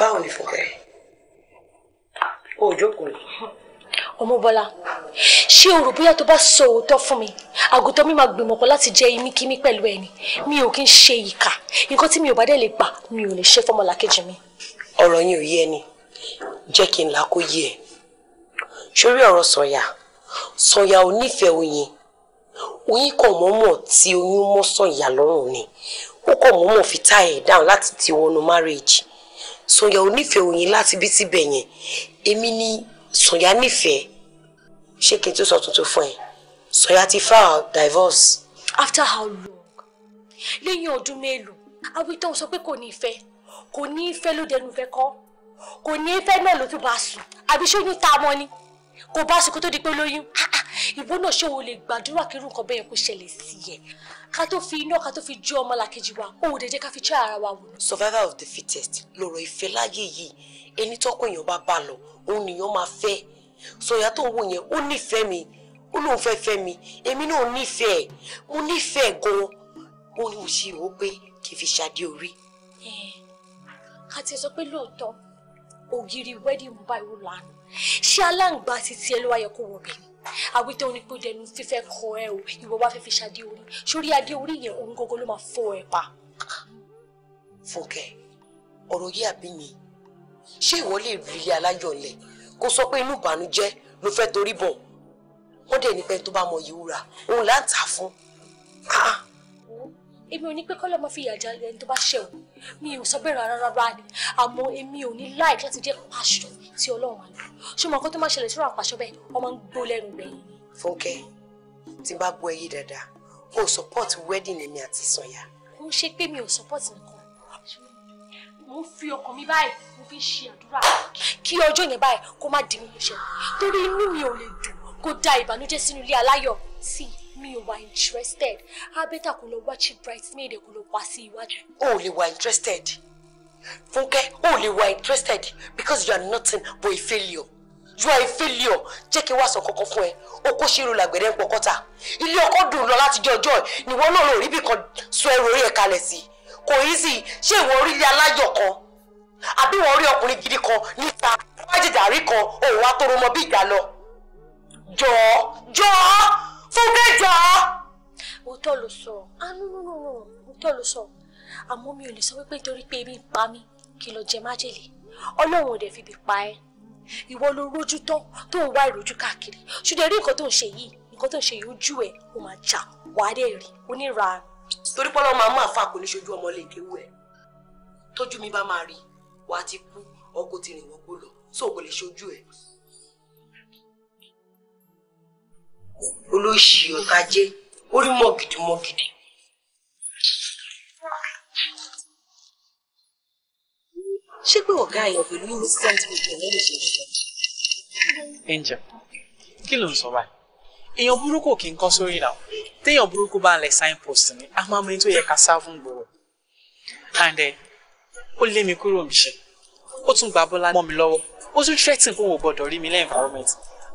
báwo ni fúnkẹ́ o ò jókòó ni. ọmọ ṣé o rò bóyá tó bá sọ òótọ́ fún mi àgùntàn mi máa gbìmọ̀pọ̀ láti jẹ imí kí mi pẹ̀lú ẹni mi ò kí ń ṣe ìkà nǹkan tí mi ò bá dẹ̀ lè gbà mi ò lè ṣe fọmọlàkejì mi. ọ̀rọ̀ yín ò yé ẹni jẹ́ kí n là kó yé ẹ sórí ọ̀rọ̀ sọ̀yà sọ̀yà ò nífẹ̀ẹ́ oyin oyin kò mọ̀ọ́mọ̀ tí oyún mọ́ sọ̀yà lọ́rùn ni ó kò mọ̀ọ́mọ̀ fi tá ẹ̀ dáhùn láti ti wọnú márèèjì Sànyà onífẹ̀ẹ́ òyìn láti bí ti bẹ̀ yẹn èmi ni Sànyà nífẹ̀ẹ́ ṣé kí n tó sọ tuntun fún ẹ Sànyà ti file divorce. after how long lẹ́yìn ọdún mélòó awítọ́ sọ pé kò ní ìfẹ́ kò ní ìfẹ́ ló dẹnu fẹ́ kọ́ kò ní ìfẹ́ náà ló tún bá sùn àbí ṣé oyún tá a mọ́ ni kò bá sùn kó tó di pé lóyún ah, ah, ìwọ náà ṣé o lè gbàdúrà kí irú nǹkan bẹ́ẹ̀ kó ṣẹlẹ̀ sí ẹ ká tó fi iná ká tó fi jẹ́ ọmọlàkejì wa ó dẹ̀ jẹ́ ká fi ṣe wa wò. survival of the fittest lọ̀rọ̀ ìfẹ́ láyé yìí ẹni tọ́kùn èèyàn bá bá lọ òun nìyàn máa fẹ́ sọ̀yà tó ń wò yẹn ó nífẹ̀ẹ́ mi ó lóun fẹ́ fẹ́ mi èmi náà nífẹ̀ẹ́ mo nífẹ̀ẹ́ gan-an mo ní mo ṣe ìwò pé kì í fi ṣàdé orí. ká tiẹ̀ sọ pé lóòótọ́ ògiri wedding báyìí lánàá ṣé aláǹgbá ti tiẹ̀ ló wáyẹ kó wọ̀ bẹ́ẹ̀ àwítẹ́ oní pé dẹnu fífẹ́ kọ ẹ o ìwọ wá fẹ́ fi ṣadé orí sórí adé orí yẹn òun gógó ló máa fọ ẹ pa. fúnkẹ́ ọ̀rọ̀ yìí àbí mi ṣé ìwọ lè rí ilé aláyọ̀ lẹ̀ kó sọ pé inú ìbànújẹ́ ló fẹ́ torí bọ̀ wọ́n dẹ̀ ní pẹ́ tó bá mọ ìwúra òun là fún. Ah, èmi ò ní pé kọ́lọ́ máa fi ìyà jalè ẹni tó bá ṣẹ̀ wọ́n mi ò sọ bẹ́ẹ̀ rárá rárá ni àmọ́ èmi ò ní láìkí láti jẹ́ pàṣọ tí ọlọ́run máa lò ṣé mo kọ́ tó máa ṣẹlẹ̀ sórí àpàṣọ bẹ́ẹ̀ ọmọ ń gbó lẹ́nu gbẹ̀yìn. fúnkẹ́ tí bá gbọ́ ẹyí dáadáa o support wedding èmi àti sọ̀yà. ó ṣe pé mi ò support nìkan mo ń fi ọkàn mi báyìí mo fi ń ṣe àdúrà kí ọjọ́ yẹn báyìí kó má di mi lóṣẹ̀ torí inú mi ò lè dùn kó da mi ò wà interested á bẹ́tà kó lọ wá chief bridesmaid kó lọ wá sí iwájú. o ò lè wà interested Fúnkẹ́ o ò lè wà interested because you are nothing but a failure you are a failure jẹ́ kí n wá sọ kankan fún ẹ o kò ṣe irun làgbẹ̀dẹ̀ ń pọkọ́ta ilé ọkọ dùn lọ láti jẹ ọjọ́ ẹ̀ níwọ náà lò rí bí kan sọ ẹrù orí ẹ̀ kalẹ̀ sí kò yí sí ṣé ìwọ orí ilé aláyọ̀ kan àbí ìwọ orí ọkùnrin gidi kan níta wájú ìdàrí kan òun wá tó rọmọ bí ìgbà lọ jọ̀ọ́ jọ̀ọ́. Fúnkẹ́ jọ. Òótọ́ ló sọ, àánú ah, nínú rọrùn, òótọ́ ló sọ. Àmọ́ mi ò lè sọ wípé torí pé ebi ń pa mí kí lọ jẹ májèlé. Ọlọ́run ò dẹ̀ fi bí pa ẹ́. Ìwọ ló rójú tán tó ń wá ìrójú káàkiri. Ṣùgbọ́n rí nǹkan tó ń ṣe yìí, nǹkan tó ń ṣe yìí ojú ẹ̀ ó máa jà wàá dẹ̀ rí oníra. Torí pọ́lọ́ máa máa fa kò ní ṣojú ọmọ lè kéwú ẹ̀. Tójú mi bá máa rí, wàá ti kú, ọkọ̀ ti wọ́pọ̀ lọ, sóò lè ṣojú ẹ̀. olóṣì ọ̀tajé orí mọ̀gìdì mọ̀gìdì. ṣé pé ọ̀gá yẹn pẹ̀lú instant gbogbo ọ̀rẹ́ lè ṣe nígbà. angel kí ló ń sọ báyìí èèyàn burúkú kì í kọ́ sórí náà téèyàn burúkú bá ń lẹ signpost ni a máa mọ ẹni tó yẹ ká sá fún gbòòrò and ó lé mi kúrò mi ṣe ó tún gba bọ́lá mọ́ mi lọ́wọ́ ó tún threaten kó wọn ò gbọ́dọ̀ rí mi lẹ́ environment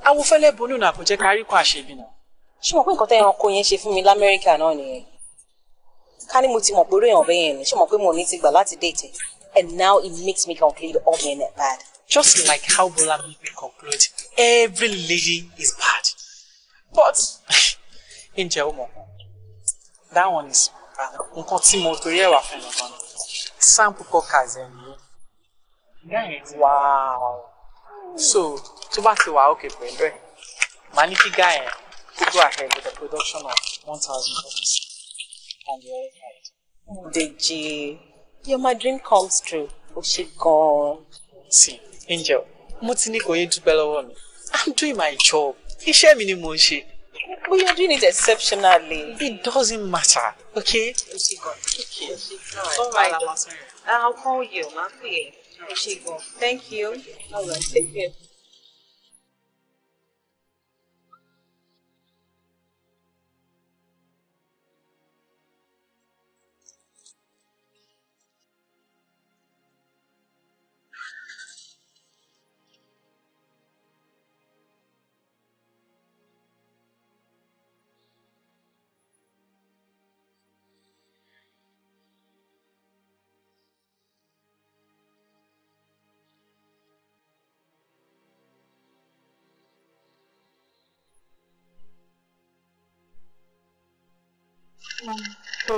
awofẹ́lẹ́ bonú náà kò jẹ́ ká rí kó àṣebí náà. ṣé mo pé nǹkan tẹ́ ẹranko yẹn ṣe fún mi lamẹ́ríkà náà nìyẹn ká ní mo ti mọ̀ pé orí èèyàn bẹ́ẹ̀ yẹn ni ṣé mo pé mo ní ti gbà láti déètì and now it makes me conclude all men are bad. just like how Bola make me conclude every lady is bad but ǹjẹ́ o mọ̀ that one is nǹkan tí mo torí ẹ̀wà fún mi kan sample Kukọ Kazeem wow so. So bá ti wà òkè pẹ̀lú ẹ̀ màá guy yẹn go ahead with the production of 1,000 copies and the other side. Deji, you're my dream comes true. O ṣe gan See, Angel, Mutini, ti ní kò one. I'm doing my job. Iṣẹ́ mi ni mo ń But you're doing it exceptionally. It doesn't matter, okay? O ṣe gan. Okay. All right. All right. I'll call you, my ma. Thank you. All right. Take care.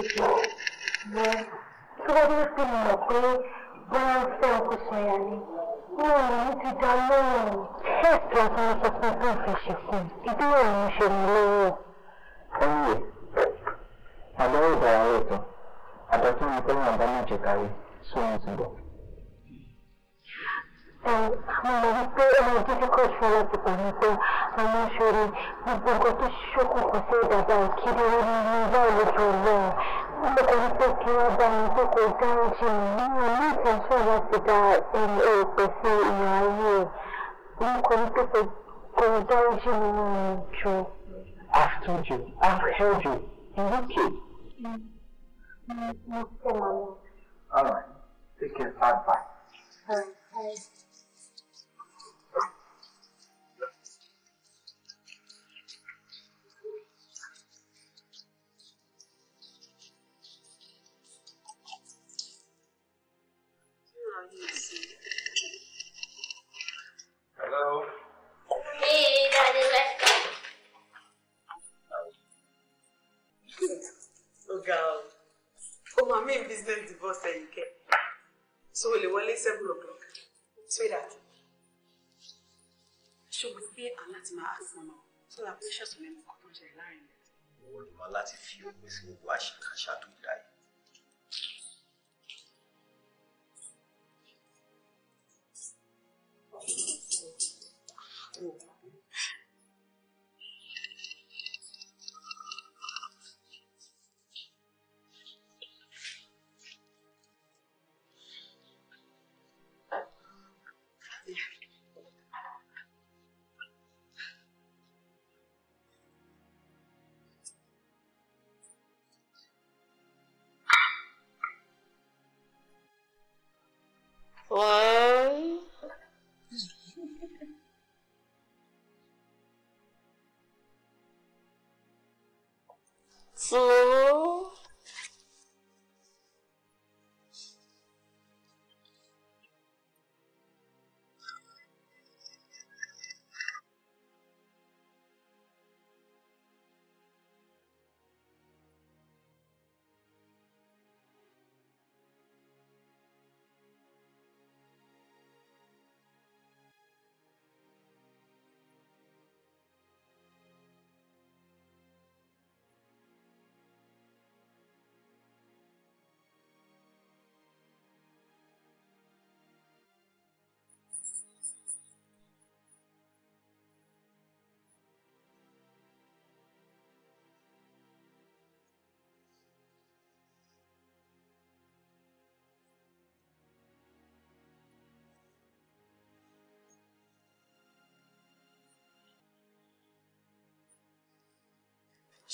ですよ。ね。それはどうしても、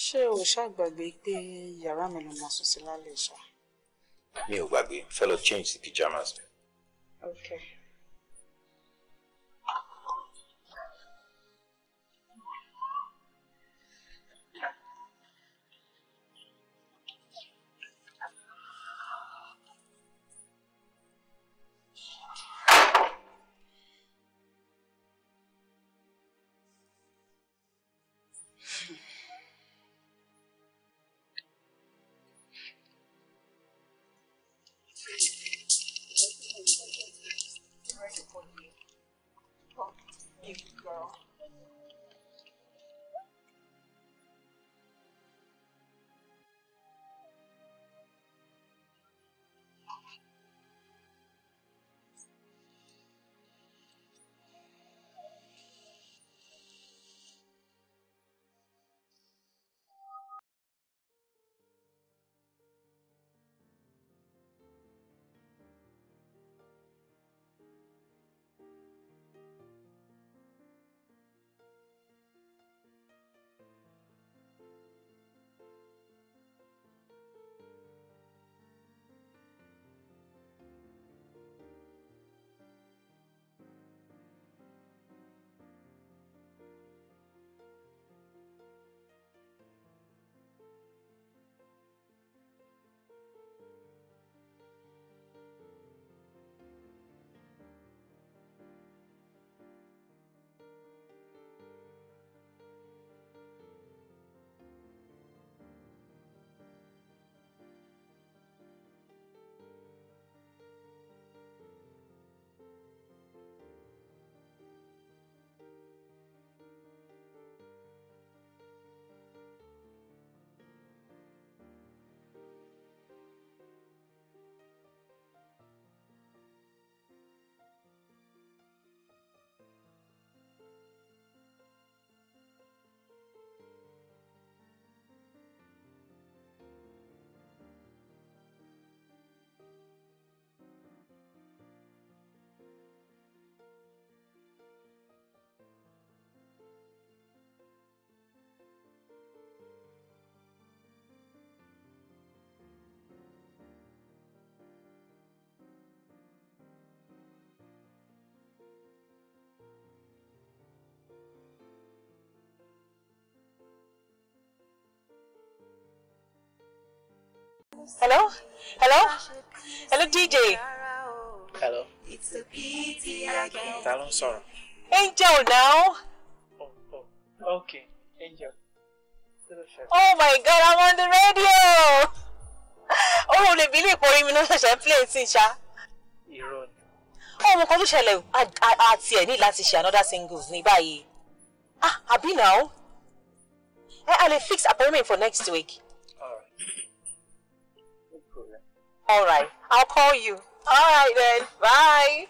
ṣé o ṣàgbàgbé pé yàrá mi ló máa sùn sí lálẹ́ ìṣá. mi ò gbàgbé fẹ́ lọ change sí pyjamas okay. Hello? Hello? Hello, DJ. Hello. It's a pity sorry. Angel now. Oh, oh. Okay, Angel. Oh my God, I'm on the radio. Oh, le believe for him, no such a place, Isha. Irọ́ ni. Oh, mo kàn tó ṣẹlẹ̀ àti ẹ̀ ní láti ṣe another singles ní báyìí. Ah, Abi now? Ẹ eh, a fix appointment for next week. All right. I'll call you. All right then. Bye.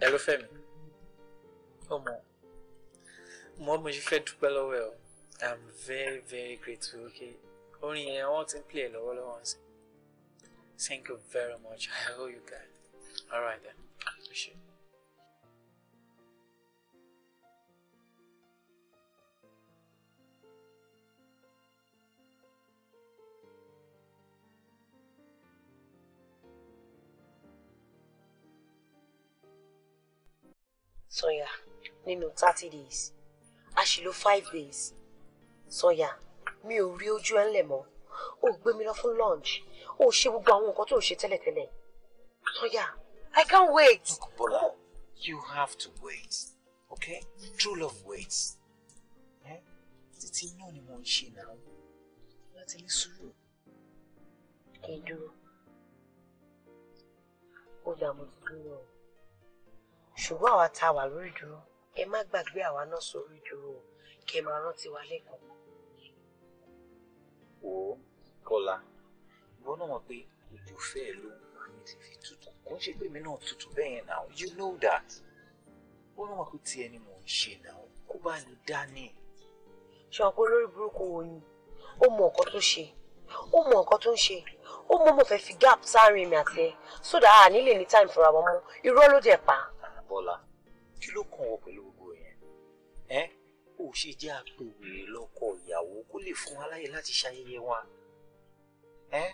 Hello, Femi. Ọmọ, mo mo ṣe fẹ́ dúpẹ́ lọ́wọ́ I'm very very grateful, okay? only I want to play lọ́wọ́lọ́wọ́ ń sìn. Thank you very much. I owe you guys. All right then. Appreciate it. Sọ̀yà no thirty days I should lò five days Sọ̀yà mi ò rí ojú ẹ̀ lemon. Oh, ó me love for lunch ó ṣe gbogbo àwọn nǹkan tó ṣe tẹ́lẹ̀tẹ́lẹ̀ lọ́yà i can't wait. Bola you have to wait okay true love waits eh? títí náà ni mo ń ṣe náà láti ní sùúrù. kí n dúró ó dààmú dúró ṣùgbọ́n àwa tá a wà lórí dúró ẹ má gbàgbé àwa náà sórí dúró kẹ máa rántí wa lẹ́kọ̀ọ́. wò ó ìwọ náà mọ̀ pé ojú fẹ́ ló wà ní ti fi tutù kò ń ṣe pé mi náà tutù bẹ́ẹ̀ yẹn náà you know that wọ́n náà mọ̀ pé tiẹ̀ ni mò ń ṣe náà kó bá lè dá ní. ṣé ọ̀pọ̀ olórí burúkú wo ni ó mọ nǹkan tó ṣe ó mọ nǹkan tó ń ṣe ó mọ mo fẹ́ fi gap sáárín mi àti ẹ that a nílè ní time fúnra wọn mọ́ irọ́ ló dẹ̀ pa. bọ́lá kí ló kàn wọ́ pẹ̀lú gbogbo yẹn ẹ́ ò ṣe jẹ́ àpèwèrè lọ́kọ ìyàwó kó lè fún wa láti ṣayẹyẹ wa ẹ́. Eh?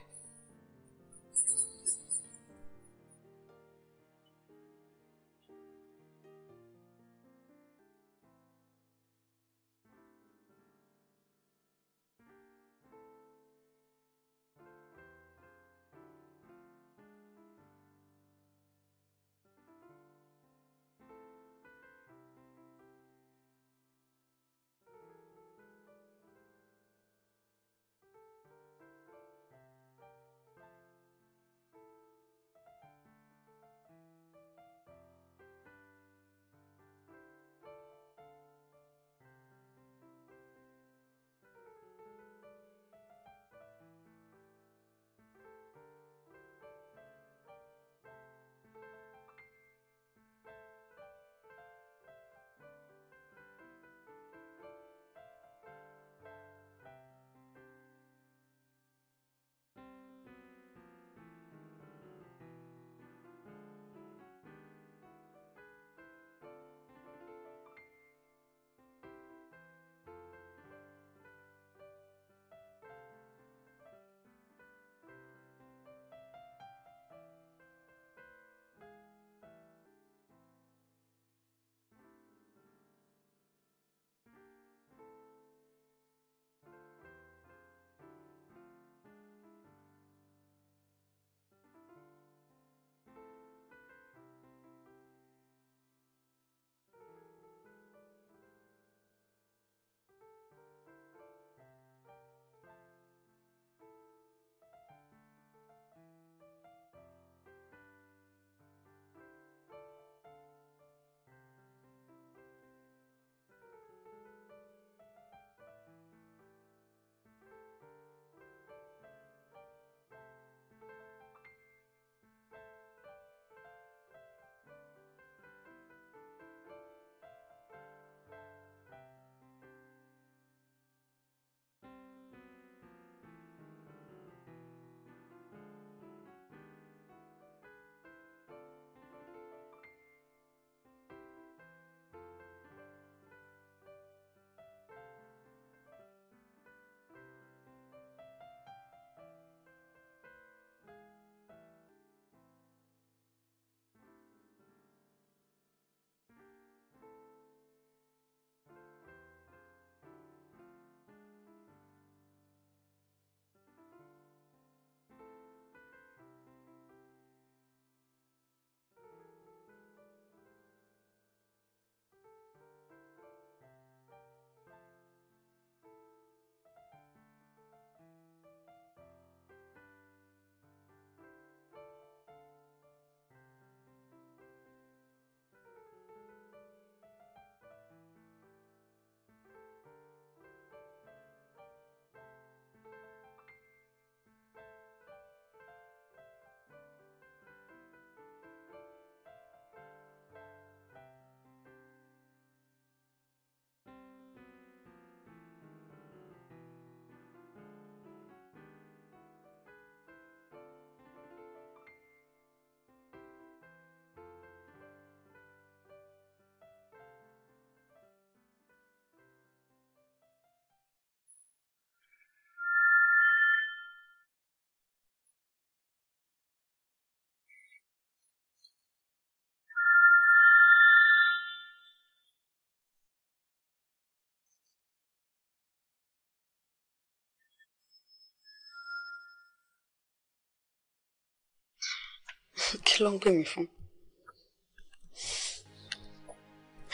kí ló ń pè mí fún?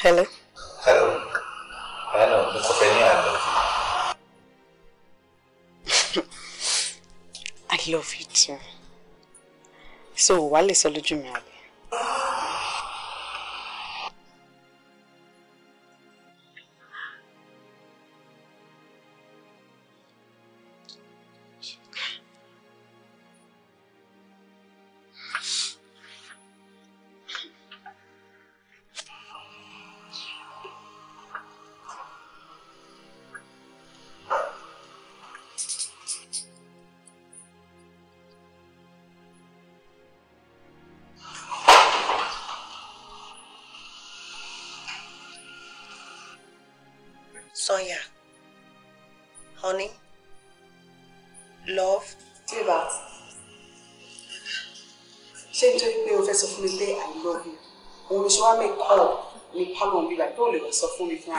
hello. hello. hello mo kò fẹ́ ní àlọ́. I love you too. So, wàá lè sọ lójú mi àbí? sọ fún mi fún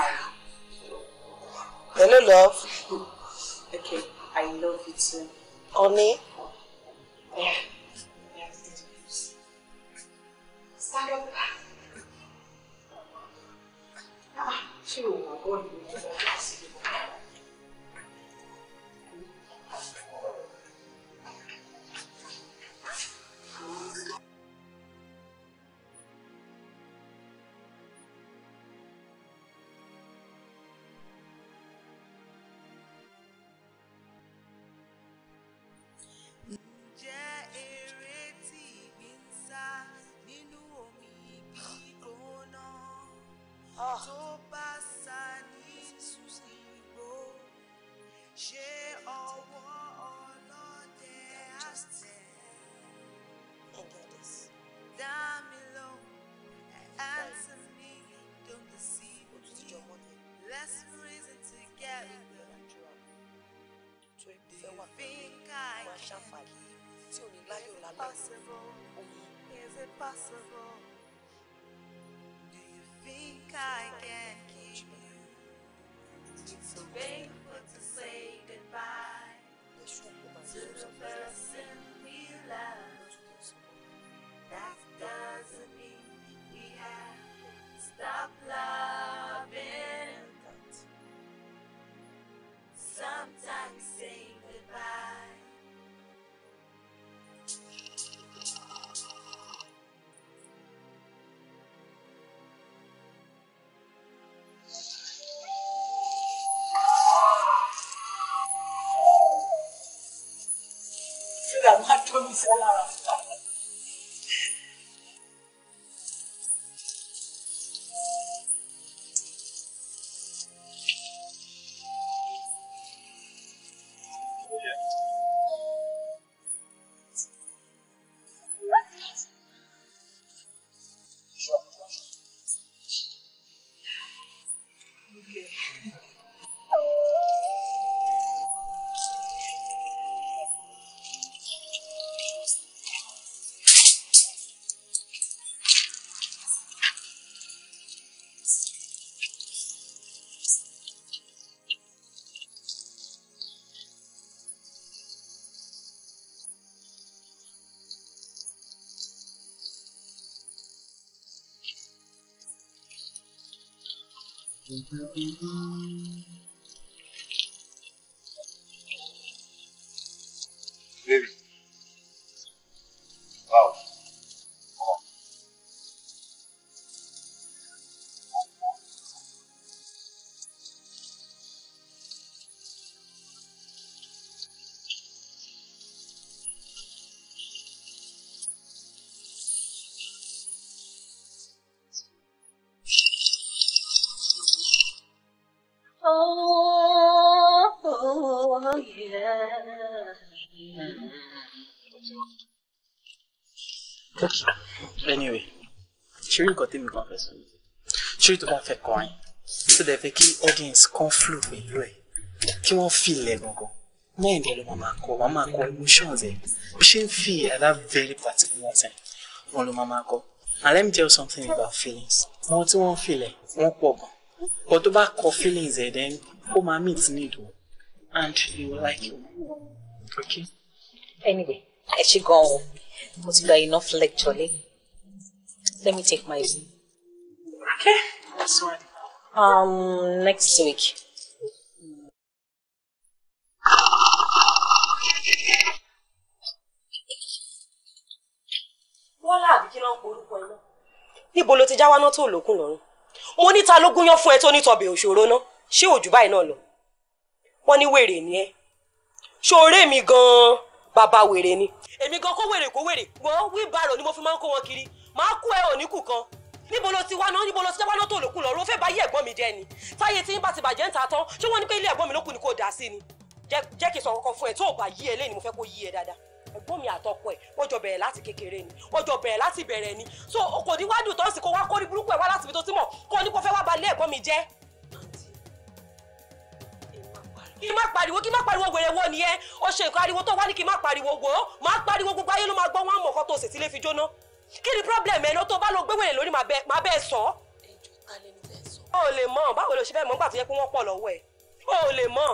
possible? Is it possible? Do you think I can keep you? So painful to say goodbye to the person we love. That doesn't mean we have to stop loving. Sometimes say Yeah. Thank hum. you. ṣé tó bá fẹ́ kọrin tó dẹ̀ fẹ́ kí audience kan flow pẹ̀lú ẹ̀ kí wọ́n feel ẹ̀ gangan náà ìdẹ̀ ló máa kọ wọ́n máa kọ emotions ẹ̀ bí ṣe ń fi at very particular time wọ́n ló máa kọ and let me tell you something about feelings wọ́n tí wọ́n feel ẹ̀ wọ́n pọ̀ gan but tó bá kọ feelings ẹ̀ then ó máa meet need o and you will like it okay. anyway ẹ ṣe gan o mo ti gba enough lecture lẹ́yìn let me take my leave this one? Um, next week. Wọ́n láàbí kí ló ń porúkọ iná. Níbo ló ti já wáná tó lókun lọ́rùn? Mo ní ta ló gúnyán fún ẹ tó ní tọbẹ̀ òṣòro ná. Ṣé òjú báyìí náà lọ? Wọ́n ní wèrè ni ẹ́. Ṣoore mi gan-an bàbá wèrè ni. Èmi gan kó wèrè kó wèrè. Wọ́n wí ni mo fi máa ń kó wọn kiri. Màá kú ẹ òní kan níbo ló ti wá náà níbo ló ti wá náà tó lòkù lọ́rọ́ fẹ́ báyé ẹ̀gbọ́n mi jẹ́ ni táyé tí ń bá ti bàjẹ́ ń ta tán ṣé wọ́n ní pé ilé ẹ̀gbọ́n mi ló kù ni kò dá sí ni jẹ́ kí n sọ̀rọ̀ kan fún ẹ tó o bá yí ẹ lẹ́yìn mo fẹ́ kó yí ẹ dáadáa ẹ̀gbọ́n mi àtọkọ ẹ̀ wọ́n jọ bẹ̀rẹ̀ láti kékeré ni wọ́n jọ bẹ̀rẹ̀ láti bẹ̀rẹ̀ ni so kò ní wádùn tó ń sìn kó wá kórí burúkú ẹ̀ wá láti ibi tó ti mọ̀ kó ní kó fẹ́ wá ba ilé ẹ̀gbọ́n mi jẹ́. kí má pariwo kí má pariwo wèrè wo ni ẹ o ṣe nǹkan ariwo tó wá ní kí má pariwo wò ó má pariwo gbogbo ayé ló máa gbọ́ wọn mọ̀ kó tó sì ti lè fi jóná kí ni problem ẹ̀ náà tó bá lọ gbé wèrè lórí màá bẹ́ẹ̀ sọ. ẹjọ ta lẹni tẹ sọ. o ò lè mọ báwo ló ṣe fẹ́ mọ nígbà tó yẹ pé wọ́n pọ̀ lọ́wọ́ ẹ̀ o ò lè mọ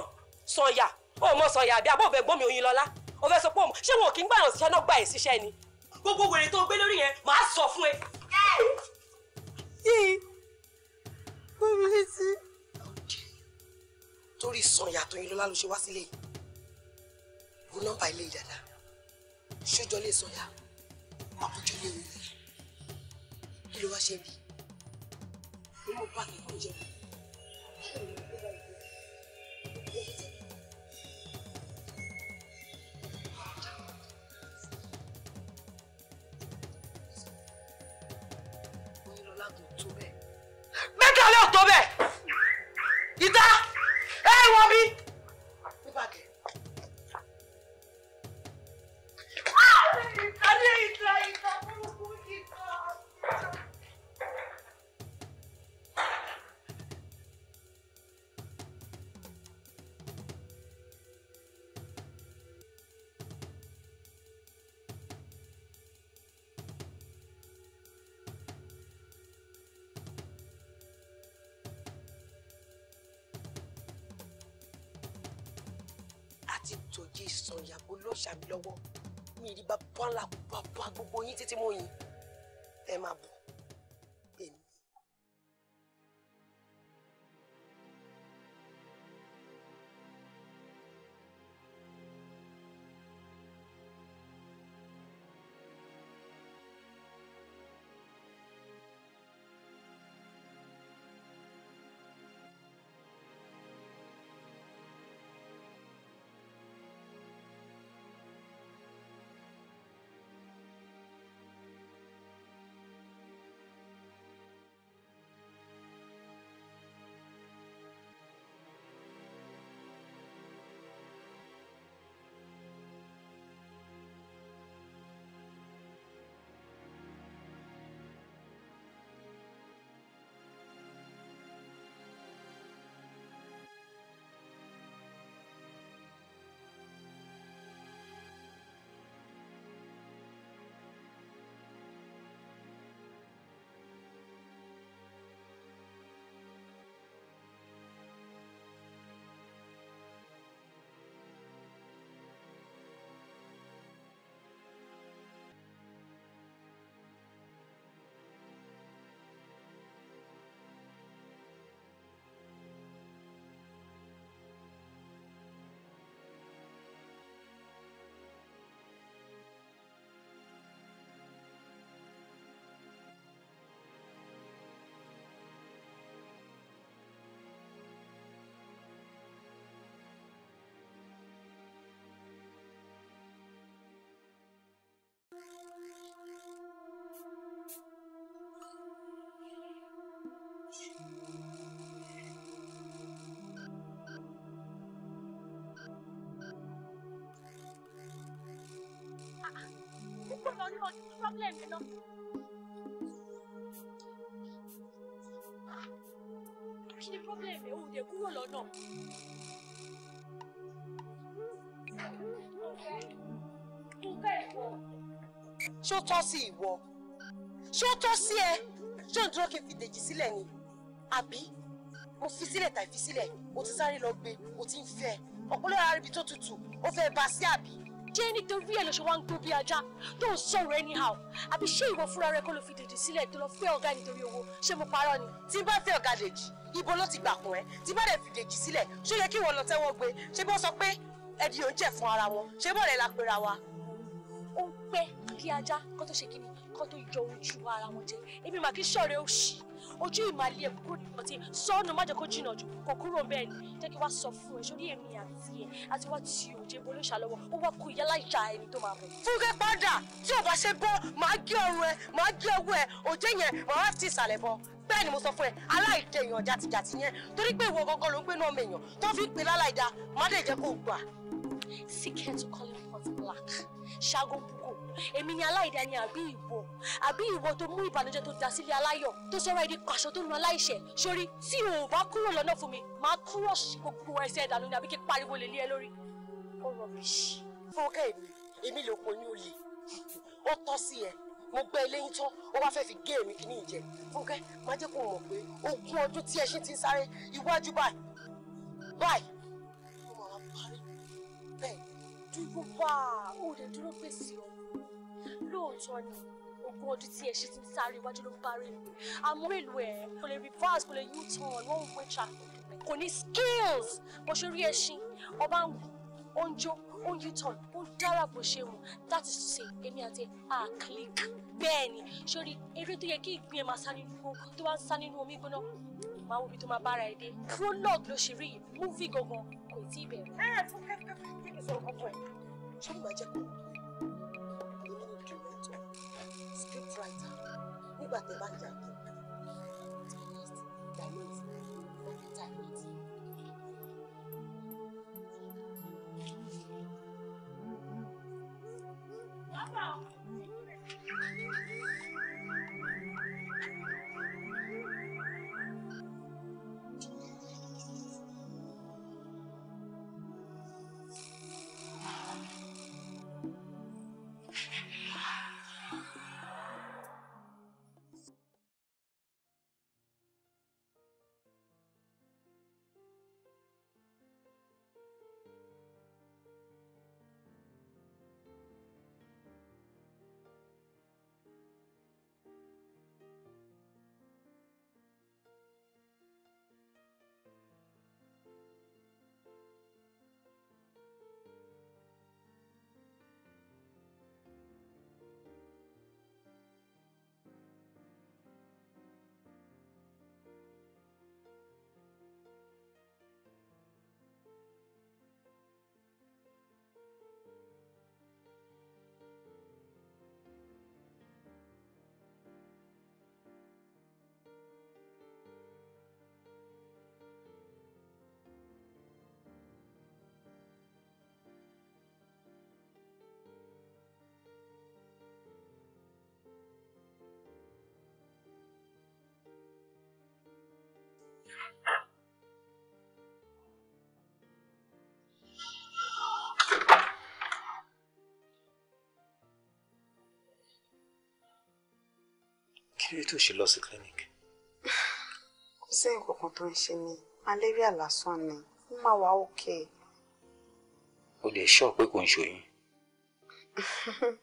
sọ̀yà o ò mọ sọ̀yà àbí abọ́ òfẹ́ gbọ́mi oyin lọ́lá o fẹ́ sọ pé ṣé wọn kì í gbàyàn síṣẹ́ náà gbà ẹ̀ síṣẹ́ ni gbogbo wèrè tó gbé lórí yẹn màá sọ fún ẹ. yìí bómi létí. torí sọ̀yà tó lọ́lá ló ṣe wá sílé yìí wo nọ́mbà ilé yìí dáadáa lè sọ̀yà àbújọ́ lè wí kí ló wá ṣe bí owó báàgì kan jẹ mẹ́ta lè tó bẹ́ẹ̀ ìta ẹ̀ wọ́n bí. mi ìdí bàbá ńlá bàbá gbogbo yín títí mo yìn ẹ máa bù no, no, problem, no. Kí ni problem ẹ̀? O ò dé kúrò lọ́nà. Ṣé ó tọ́ sí ìwọ? Ṣé ó tọ́ sí ẹ? Ṣé òun dúró kí n fi dèjì sílẹ̀ ni? Àbí mo fi sílẹ̀ tàbí fi sílẹ̀, o ti sáré lọ gbé, o ti ń fẹ́. Ọ̀pọ̀lọpọ̀ ara ibi tó tutù, o fẹ́ bá sí àbí jẹ́ nítorí ẹ̀ ló ṣe wá ń gbó bí ajá tó ń sọ̀rọ̀ anyhow àbí ṣé ìwọ fúnra rẹ kó ló fi dìdì sílẹ̀ tó lọ fẹ́ ọ̀gá nítorí owó ṣé mo parọ́ ni. tí bá fẹ́ ọ̀gá dèjì ibo ló ti gbà kún ẹ tí bá dẹ̀ fi dèjì sílẹ̀ ṣó yẹ kí ìwọ lọ tẹ́wọ́ gbé ṣé bó sọ pé ẹ̀dì ò ń jẹ̀ fún ara wọn ṣé bọ́ọ̀lẹ́ la pera wa. ó ń pẹ́ kí ajá kó tó ṣe kíni nǹkan tó yọ ojú ara wọn jẹ èmi mà kí sọ̀rẹ́ òṣì ojú ìmàlẹ́ kúrò nípa tí sọ́ọ̀nù má jẹ́ kó jìnnà jù kò kúrò bẹ́ẹ̀ ni jẹ́ kí wá sọ fún ẹ sórí èmi àti ẹ àti wá tí òjé bolóṣà lọ́wọ́ ó wá kú ìyá láìjà ẹni tó máa bọ̀. fúnkẹ́ padà tí ò bá ṣe bọ́ màá gé ọrùn ẹ màá gé ọwọ́ ẹ òjé yẹn màá fi ìsàlẹ̀ bọ́ bẹ́ẹ̀ ni mo sọ fún ẹ aláìjẹ èèyàn jàtìjàtì yẹn torí pé ìwọ gangan ló ń gbé náà mèèyàn tó fi pè láláìda má dẹ̀ jẹ́ kó gbà. secret to calling pot black ṣaago buko èmi ni aláìda ni àbí ìwọ àbí ìwọ tó mú ìbànújẹ́ tó da sílé tó sọ̀rọ̀ ẹni pàṣọ tó lu aláìṣẹ̀ sórí tí o bá kúrò lọ́nà fún mi máa kúrò gbogbo ẹsẹ̀ ìdàlú ni àbí kí pariwo lè lé ẹ lórí. ó rọbìṣì. fúnkẹ́ èmi èmi lè pọ̀ ní olè ó tọ́ sí ẹ mo gbẹ eléyìí tán ó wá fẹ́ fi gé èmi kìíní ìjẹ fúnkẹ́ má jẹ́ kó mọ̀ pé ogún ọdún tí ẹṣin ti ń sáré iwájú báyìí báyìí mo máa parí bẹ́ẹ̀ dúró wá ó lè dúró pèsè ọ̀hún lóòótọ́ ni ogún ọdún tí ẹ ṣe ti ń sáré iwájú ló ń bá rèé àmọ́ èlò ẹ̀ kò lè reverse kò lè u-turn one way traffic kò ní skills bó ṣe rí ẹṣin ọba ń wù ó ń jó ó ń u-turn ó ń dára bó ṣe wù that is to say èmi àti a click bẹ́ẹ̀ ni sórí eré tó yẹ kí ìgbín ẹ máa sá nínú igbó tó bá ń sá nínú omi gbóná máa wo ibi tó máa bára ẹ dé prologue ló ṣe rí yìí movie gangan kò tí ì bẹ̀rẹ̀. ẹ ẹ fún kẹfẹ kí ni sọ̀rọ̀ kọkọ ẹ ṣé mo máa jẹ kó scriptwriter nígbà tẹ́ bá ń jà kí. that means that time meeting. kí ló tó ṣe lọ sí clinic. kò sí nǹkan kan tó ń ṣe mí malaria lásán ni ó máa wà òkè. o lè ṣọ́ pé kò ń ṣòyìn.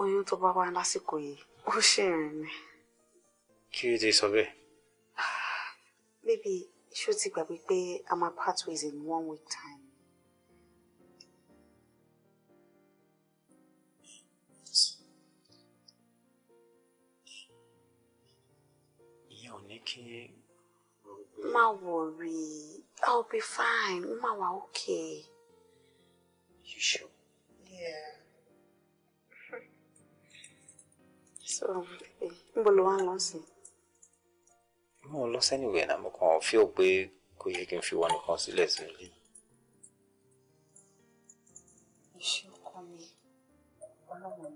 oyún tó bá wá lásìkò yìí ó ṣe rìn ni. kí ló ti sọ bẹ́ẹ̀. bébí ṣó ti gbàgbé pé i'm a part ways in one week time. Ma worry. I'll be fine. Ma, wà okay. You sure? Yeah. so, níbo ló wá ń lọ sí? Mo lọ sẹ́niwẹ̀ náà mo kàn fi ó pé kò yẹ kí n fi wọn nìkan sílẹ̀ sí ilé. Ìṣe ọkọ mi, ọlọ́run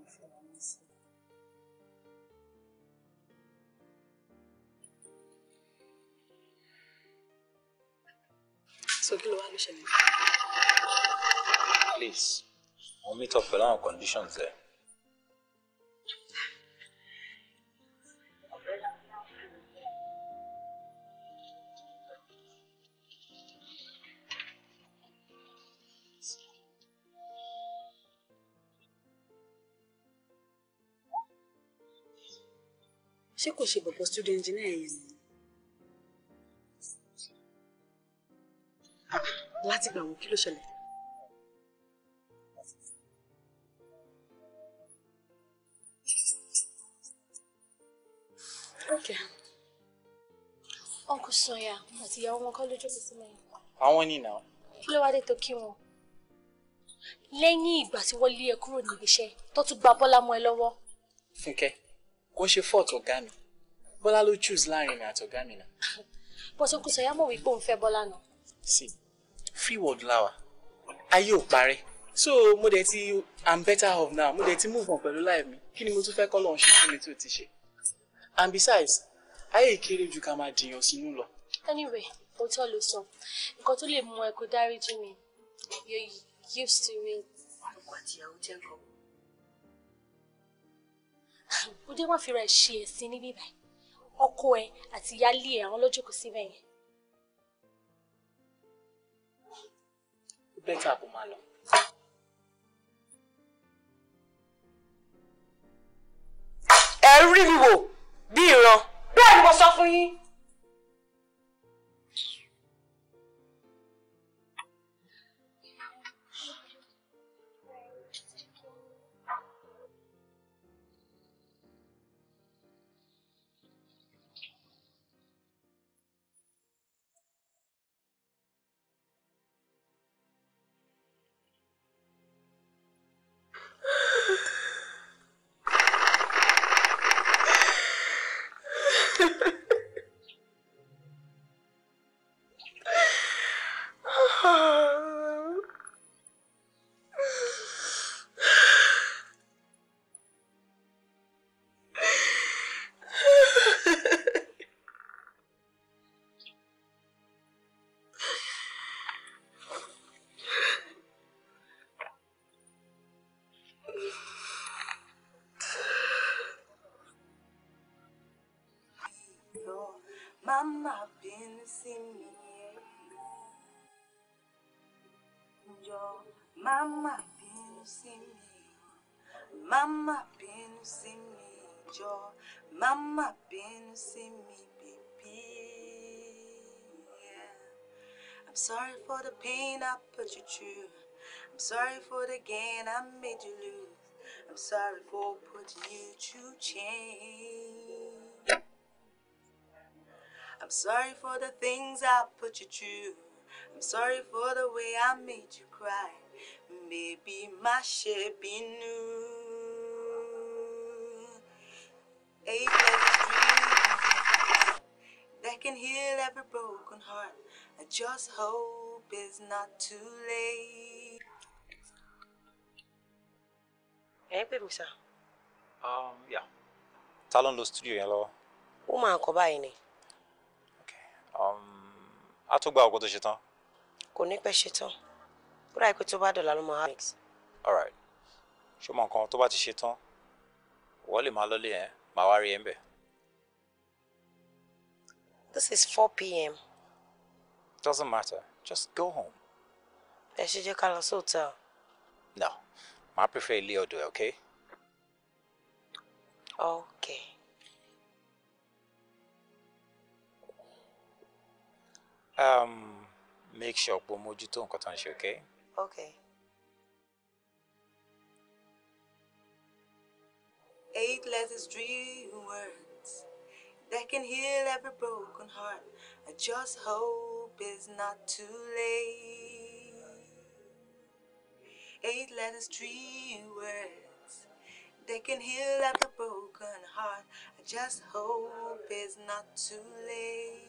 So kí ló wá ní ṣẹlẹ̀? Please, we'll meet up pẹ̀lú our conditions there. ṣé kò ṣe bọ̀bọ̀ student engineer yẹn ni láti gbà wò kí ló ṣẹlẹ̀. Okay. Uncle Sonya àti ìyàwó wọn kọ́ ló jókòó sí lẹ́yìn. Àwọn ni nà. Kí ló wá dé tó kí wọn? Lẹ́yìn ìgbà tí wọ́n lé ẹ kúrò níbi iṣẹ́ tó tún gba Bọ́lá mọ́ ẹ lọ́wọ́. Fúnkẹ́, kò ṣe fọ́ọ̀tì ọ̀gá mi. Bọ́lá ló choose láàrin mi àti mi náà. Bọ́sọ̀ Uncle mọ̀ wípé òun fẹ́ Bọ́lá náà. Sí. Si free word, láwa ayé ò parẹ́ so mo dẹ̀ ti i'm better off now mo dẹ̀ ti move on pẹ̀lú life mi kí ni mo tún fẹ́ kọ́ lọ́n ṣe fún mi tó ti ṣe and besides ayé ìkéré ju ká máa dìyàn sínú lọ. anyway òótọ́ ló sọ nǹkan tó lè mú ẹ kó dáríjì mi you used to me. àgbà tíyàwó jẹ́ gan. ó dé wọ́n fi ra ẹ̀ ṣe ẹ̀sìn níbí báyìí ọkọ ẹ àti ìyáálé ẹ àwọn lójókòó síbẹ̀ yẹn bẹ́tà kó máa lọ. ẹ rí mi wò bí Mama been see me, baby. Yeah. I'm sorry for the pain I put you through. I'm sorry for the gain I made you lose. I'm sorry for putting you to change. I'm sorry for the things I put you through. I'm sorry for the way I made you cry. Maybe my shit be new. ageless dreams. That can heal every broken heart. I just hope it's not too late. Ẹ pè sir? Um, yeah. Ta lo studio yẹn lọ? Ó máa kọ báyìí ni. Okay. Um, a tó gba ọ̀pọ̀ tó ṣe tán. Kò ní pẹ́ ṣe tán. Búra ìpè tó bá dọ̀là ló mix. All right. Show o mọ nǹkan tó bá ti ṣe tán? Wọ́n lè máa lọ́lé yẹn màá wá This is 4 p.m. Doesn't matter. Just go home. Ẹ ṣe jẹ́ ká lọ hotel. No, I prefer Leo do it. okay? Okay. Um, make sure pé o mójútó nǹkan tó okay? Okay. eight letters, three words that can heal every broken heart. I just hope it's not too late. Eight letters, three words that can heal every broken heart. I just hope it's not too late.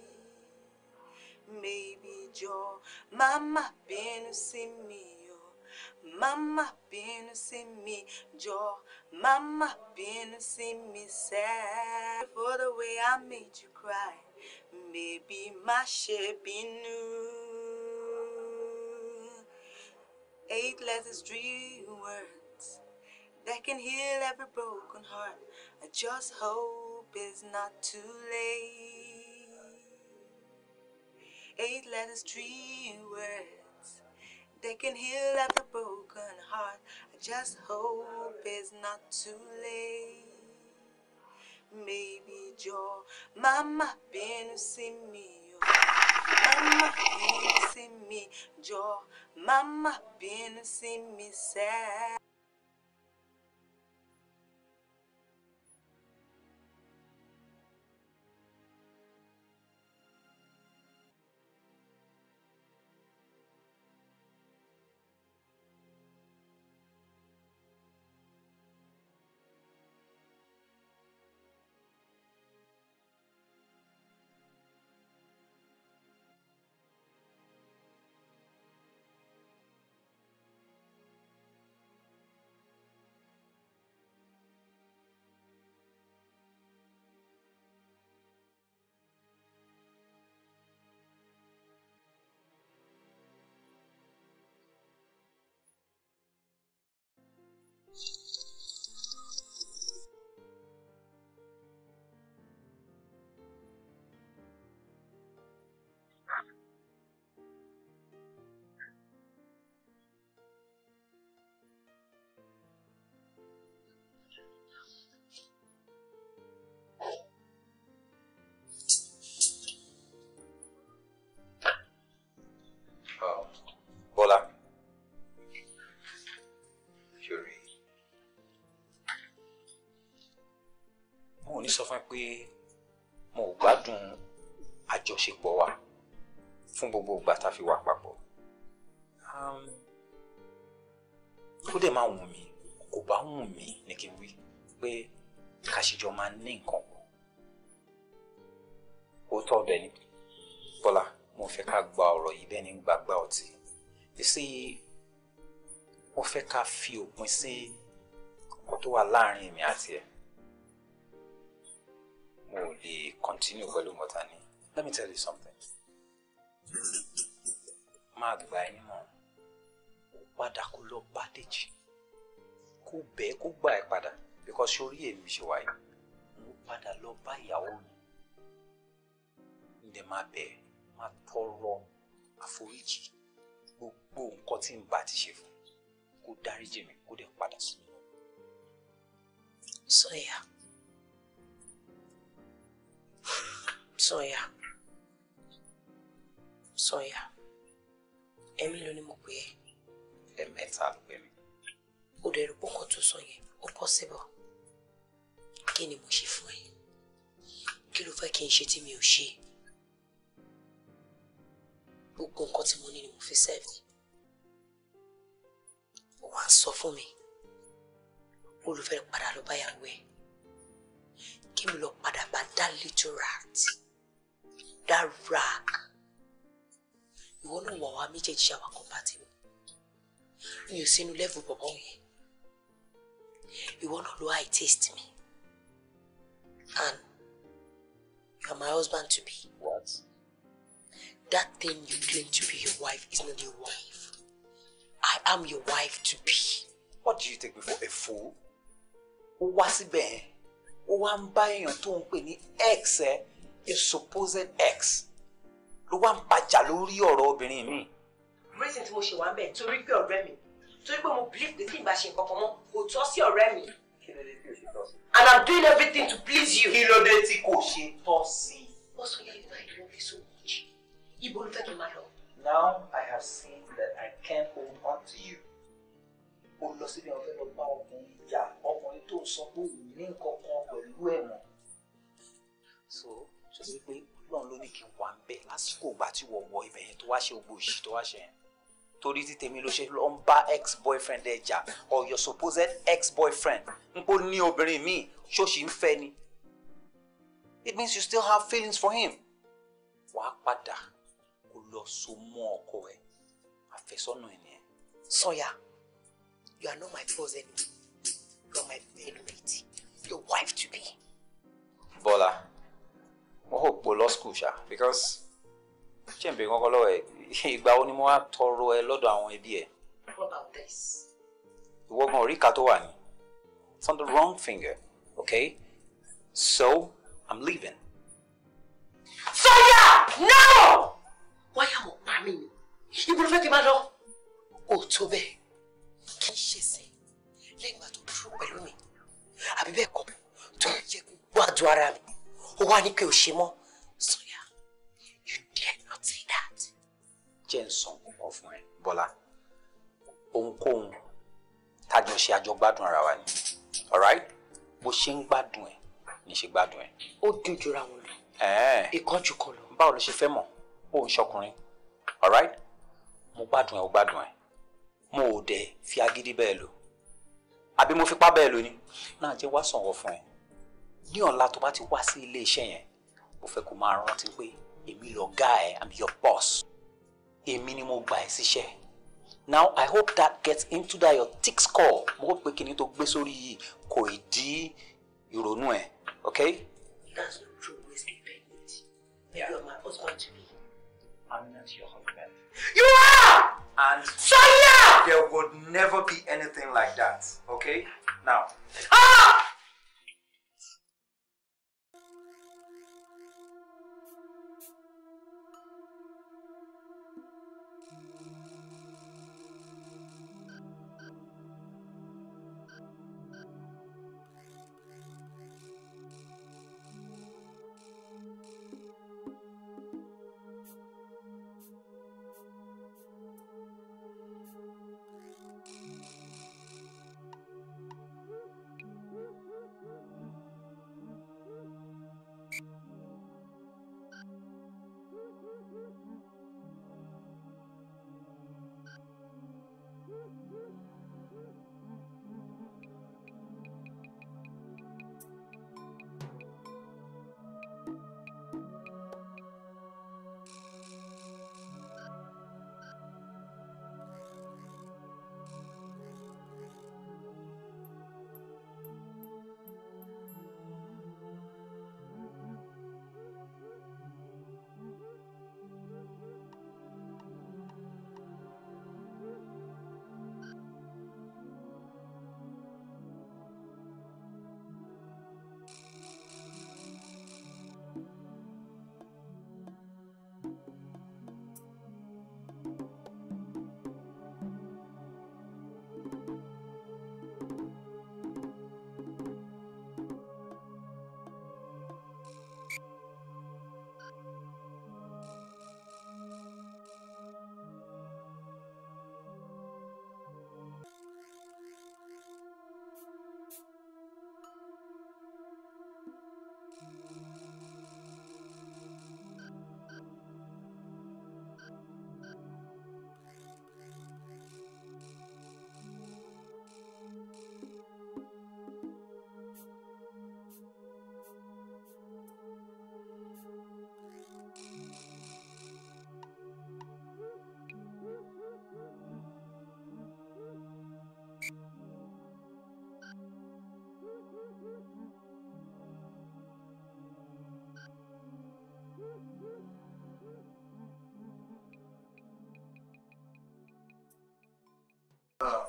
Maybe your mama been to see me. Mama been see me joy. Mama been see me sad. For the way I made you cry, maybe my shape be new. Eight letters, three words that can heal every broken heart. I just hope it's not too late. Eight letters, three words they can heal every broken heart. I just hope it's not too late. Maybe your mama been to see me. Oh. Mama been to see me. Your mama been to see me sad. sọ fún pé mo ò gbádùn àjọṣepọ̀ wa fún gbogbo ìgbà tá a fi wà papọ̀ um, ó dẹ̀ máa wù mí kò bá wù mí ní kí n wí pé kàṣíjọ máa ní nǹkan pọ̀ ó tọ́ ọ̀dọ̀ ẹni bọ́lá mo fẹ́ ká gba ọ̀rọ̀ yìí bẹ́ẹ̀ ni gbàgbà ọtí sí mo fẹ́ ká fi òpin sí ọ̀rọ̀ wà láàrin èmi àti ẹ̀ mo ò lè continue pẹ̀lú mọ́ta ni let me tell you something máa gbà ẹ́ nímọ̀ padà kó lọ bá Dèjì kó bẹ́ẹ̀ kó gbà ẹ́ padà because sórí èmi ṣe wáyé mo padà lọ bá ìyàwó mi ǹdẹ̀ máa bẹ̀ máa tọrọ àforíjì gbogbo nǹkan tí n bá ti ṣe fún kó dáríjì mi kó dẹ̀ padà sí mi. sọ́yà. So, yeah. Sọ̀yà. Sọ̀yà. Ẹ̀mí ló ní mo pè é. Ẹ̀mẹ́ta ló pè mí. O dẹ̀ rí pọ́kàn tó sọ yẹn, ó possible. Kí ni mo ṣe fún ẹ? Kí ló fẹ́ kí n ṣe tí mi ò ṣe? Gbogbo nǹkan tí mo ní ni mo fi sẹ́ẹ̀fì. Ó wá ń sọ fún mi. Olùfẹ́ padà lọ báyàwó ẹ̀ kí mi lọ padà bá that little rat that rag ìwọ náà wà wá méjèèjì ṣàwà compatible mi ò sínú level bọ̀bọ̀ yẹn ìwọ náà ló high taste me? and you are my husband to be. What? That thing you claim to be your wife is not your wife. I am your wife to be. What do you take me for, a fool? Ó wá síbẹ̀ ó wá ń bá èèyàn tó ń pè ní ex ẹ a supposed ex ló wá ń bàjà lórí ọ̀rọ̀ obìnrin mi. reason tí mo ṣe wá ń bẹ̀ torí pé ọ̀rẹ́ mi torí pé mo believe pé tí ìgbà ṣe nǹkan kan mọ́ kò tọ́ sí ọ̀rẹ́ mi. kí tí o ṣe tọ́ sí. and i'm doing everything to please you. kí ló dé tí kò ṣe tọ́ sí. what's all your life love you so much ibo ló fẹ́ kí n máa lọ. now i have seen that i can't hold on to you. o lọ síbi àwọn fẹ́ lọ bá ọkùnrin jà tó ń sọ pé òun ní nǹkan kan pẹ̀lú ẹ̀ mọ́. so tó ti pé ọlọ́run ló ní kí n wà ń bẹ̀ lásìkò ìgbà tí wọ́n wọ ibẹ̀ yẹn tó wá ṣe gbogbo òṣì tó wá ṣe yẹn torí tí tèmi ló ṣe lọ ń bá ex boyfriend ẹ jà or your supposed ex boyfriend n kò ní obìnrin míì ṣóṣì ń fẹ́ ni it means you still have feelings for him wàá padà kó lọ so mọ́ ọkọ ẹ àfẹ́sọ́nà ẹ nìyẹn. Sọya you are not my first enemy. You're my favorite. Your wife to be. Bola, I hope we lost school because ṣé n bẹ kankan lọ́wọ́ ẹ̀ ìgbà wo ni mo wá tọrọ ẹ lọ́dọ̀ àwọn ẹbí ẹ̀. What about this? You gan oríka tó wà ní. It's on the wrong finger, okay? So, I'm leaving. Sọ́yà! No! Why mo pa mí ni. Ibo ló fẹ́ kí n máa lọ? àbí bẹ́ẹ̀ kọ́ tó ń jẹ gbogbo àdùn ara mi ó wá ní pé ò ṣe mọ́ sọyà you dare not say that. jẹ́ ń sọ nǹkan kan fún ẹ bọ́lá ohunkóhun tájọ ṣe àjọ gbádùn ara wa ni alright bó ṣe ń gbádùn ẹ ní ṣe gbádùn ẹ. ó dùn jura wọn lọ ìkánjú kan lọ. báwo ló ṣe fẹ́ mọ̀ ó ń ṣọkùnrin alright mo gbádùn ẹ ó gbádùn ẹ mo ò dẹ̀ fi agídí bẹ́ẹ̀ lò àbí mo fipá bẹ́ẹ̀ lóní náà jẹ́ wá sọ̀rọ̀ fún ẹ ní ọ̀la tó bá ti wá sí ilé iṣẹ́ yẹn mo fẹ́ kó máa rántí pé èmi lọ̀gá ẹ i'm your boss èmi ni mo gbà ẹ́ síṣẹ́ now i hope that gets into that your thick skull mo hope pé kinní tó gbé sórí yìí kò ì dí ìrònú ẹ ok. that's not true ways to pay it. Yeah. you are my husband to me. i'm not your husband. you are. And Shut up! There would never be anything like that. Okay? Now. Ah!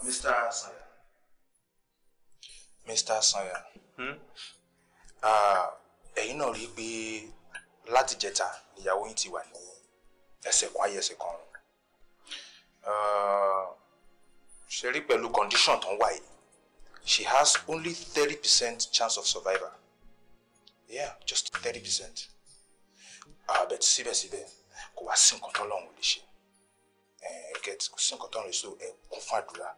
Mr. Sanya. Mr. Sanya. Hmm? Ah, ẹ̀yin náà rí i pé láti jẹta ìyàwó yìí ti wà ní ẹsẹ̀ kan ayé ẹsẹ̀ kan rùn. Ah, ṣe rí pẹ̀lú condition tó ń wà She has only thirty percent chance of survival. Yeah, just thirty percent. Àbẹ̀ ah, síbẹ̀síbẹ̀ kò wá sí nǹkan tó lọ́hùn ò lè ṣe. Ẹ̀ẹ́dẹ́gẹ́tì eh, kò sí nǹkan tó lọ́hùn ò lè ṣe ẹ̀kún fún àdúrà.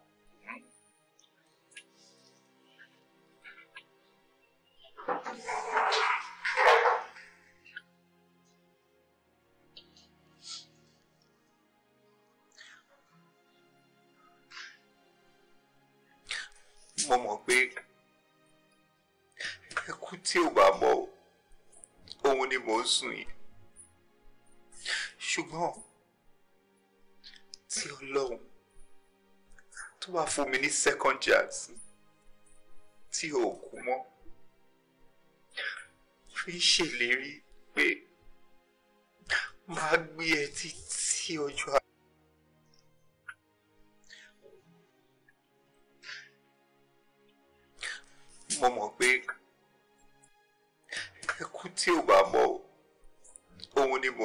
sùn yìí ṣùgbọ́n tí ọlọ́run tó bá fún mi ní second chance tí ò kú mọ́ fi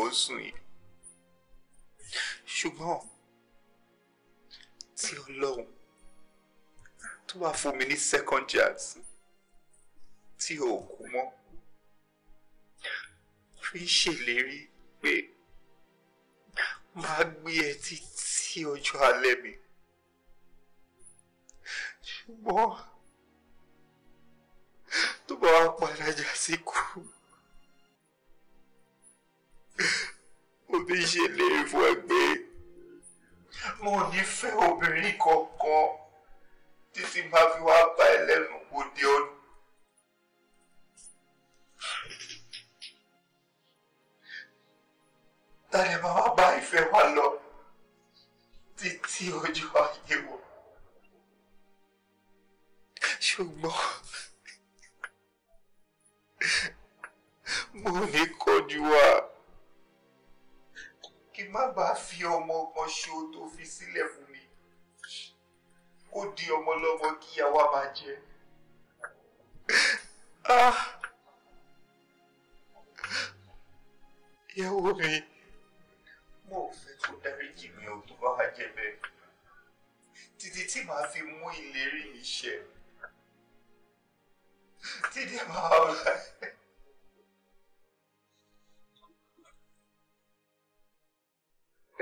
ń sùn yìí ṣùgbọ́n tí ọlọ́run tó bá fún mi ní second chance tí ò kú mọ́ fi ń ṣèlérí pé máa gbé ẹ títí ọjọ́ alẹ́ mi ṣùgbọ́n tó bá wá padà jà sí kú mo ti ṣe lè fún ẹ pé mo nífẹ̀ẹ́ obìnrin kankan títí máa fi wá bá ẹ lẹ́nu wò dé ọdún. tàlẹ̀ máa wá bá ìfẹ́ wa lọ títí ọjọ́ ayé wọ. ṣùgbọ́n mo ní kọjú wa kí má bàa fi ọmọ kan ṣo tó fi sílẹ̀ fún mi kó di ọmọ lọ́mọ kí àwa máa jẹ. Ah! ìyàwó mi mo ò fẹ́ kó dáríjì mi ò tó bá wá jẹ bẹ́ẹ̀ títí tí màá fi mú ìlérí mi ṣẹ títí màá wà láì.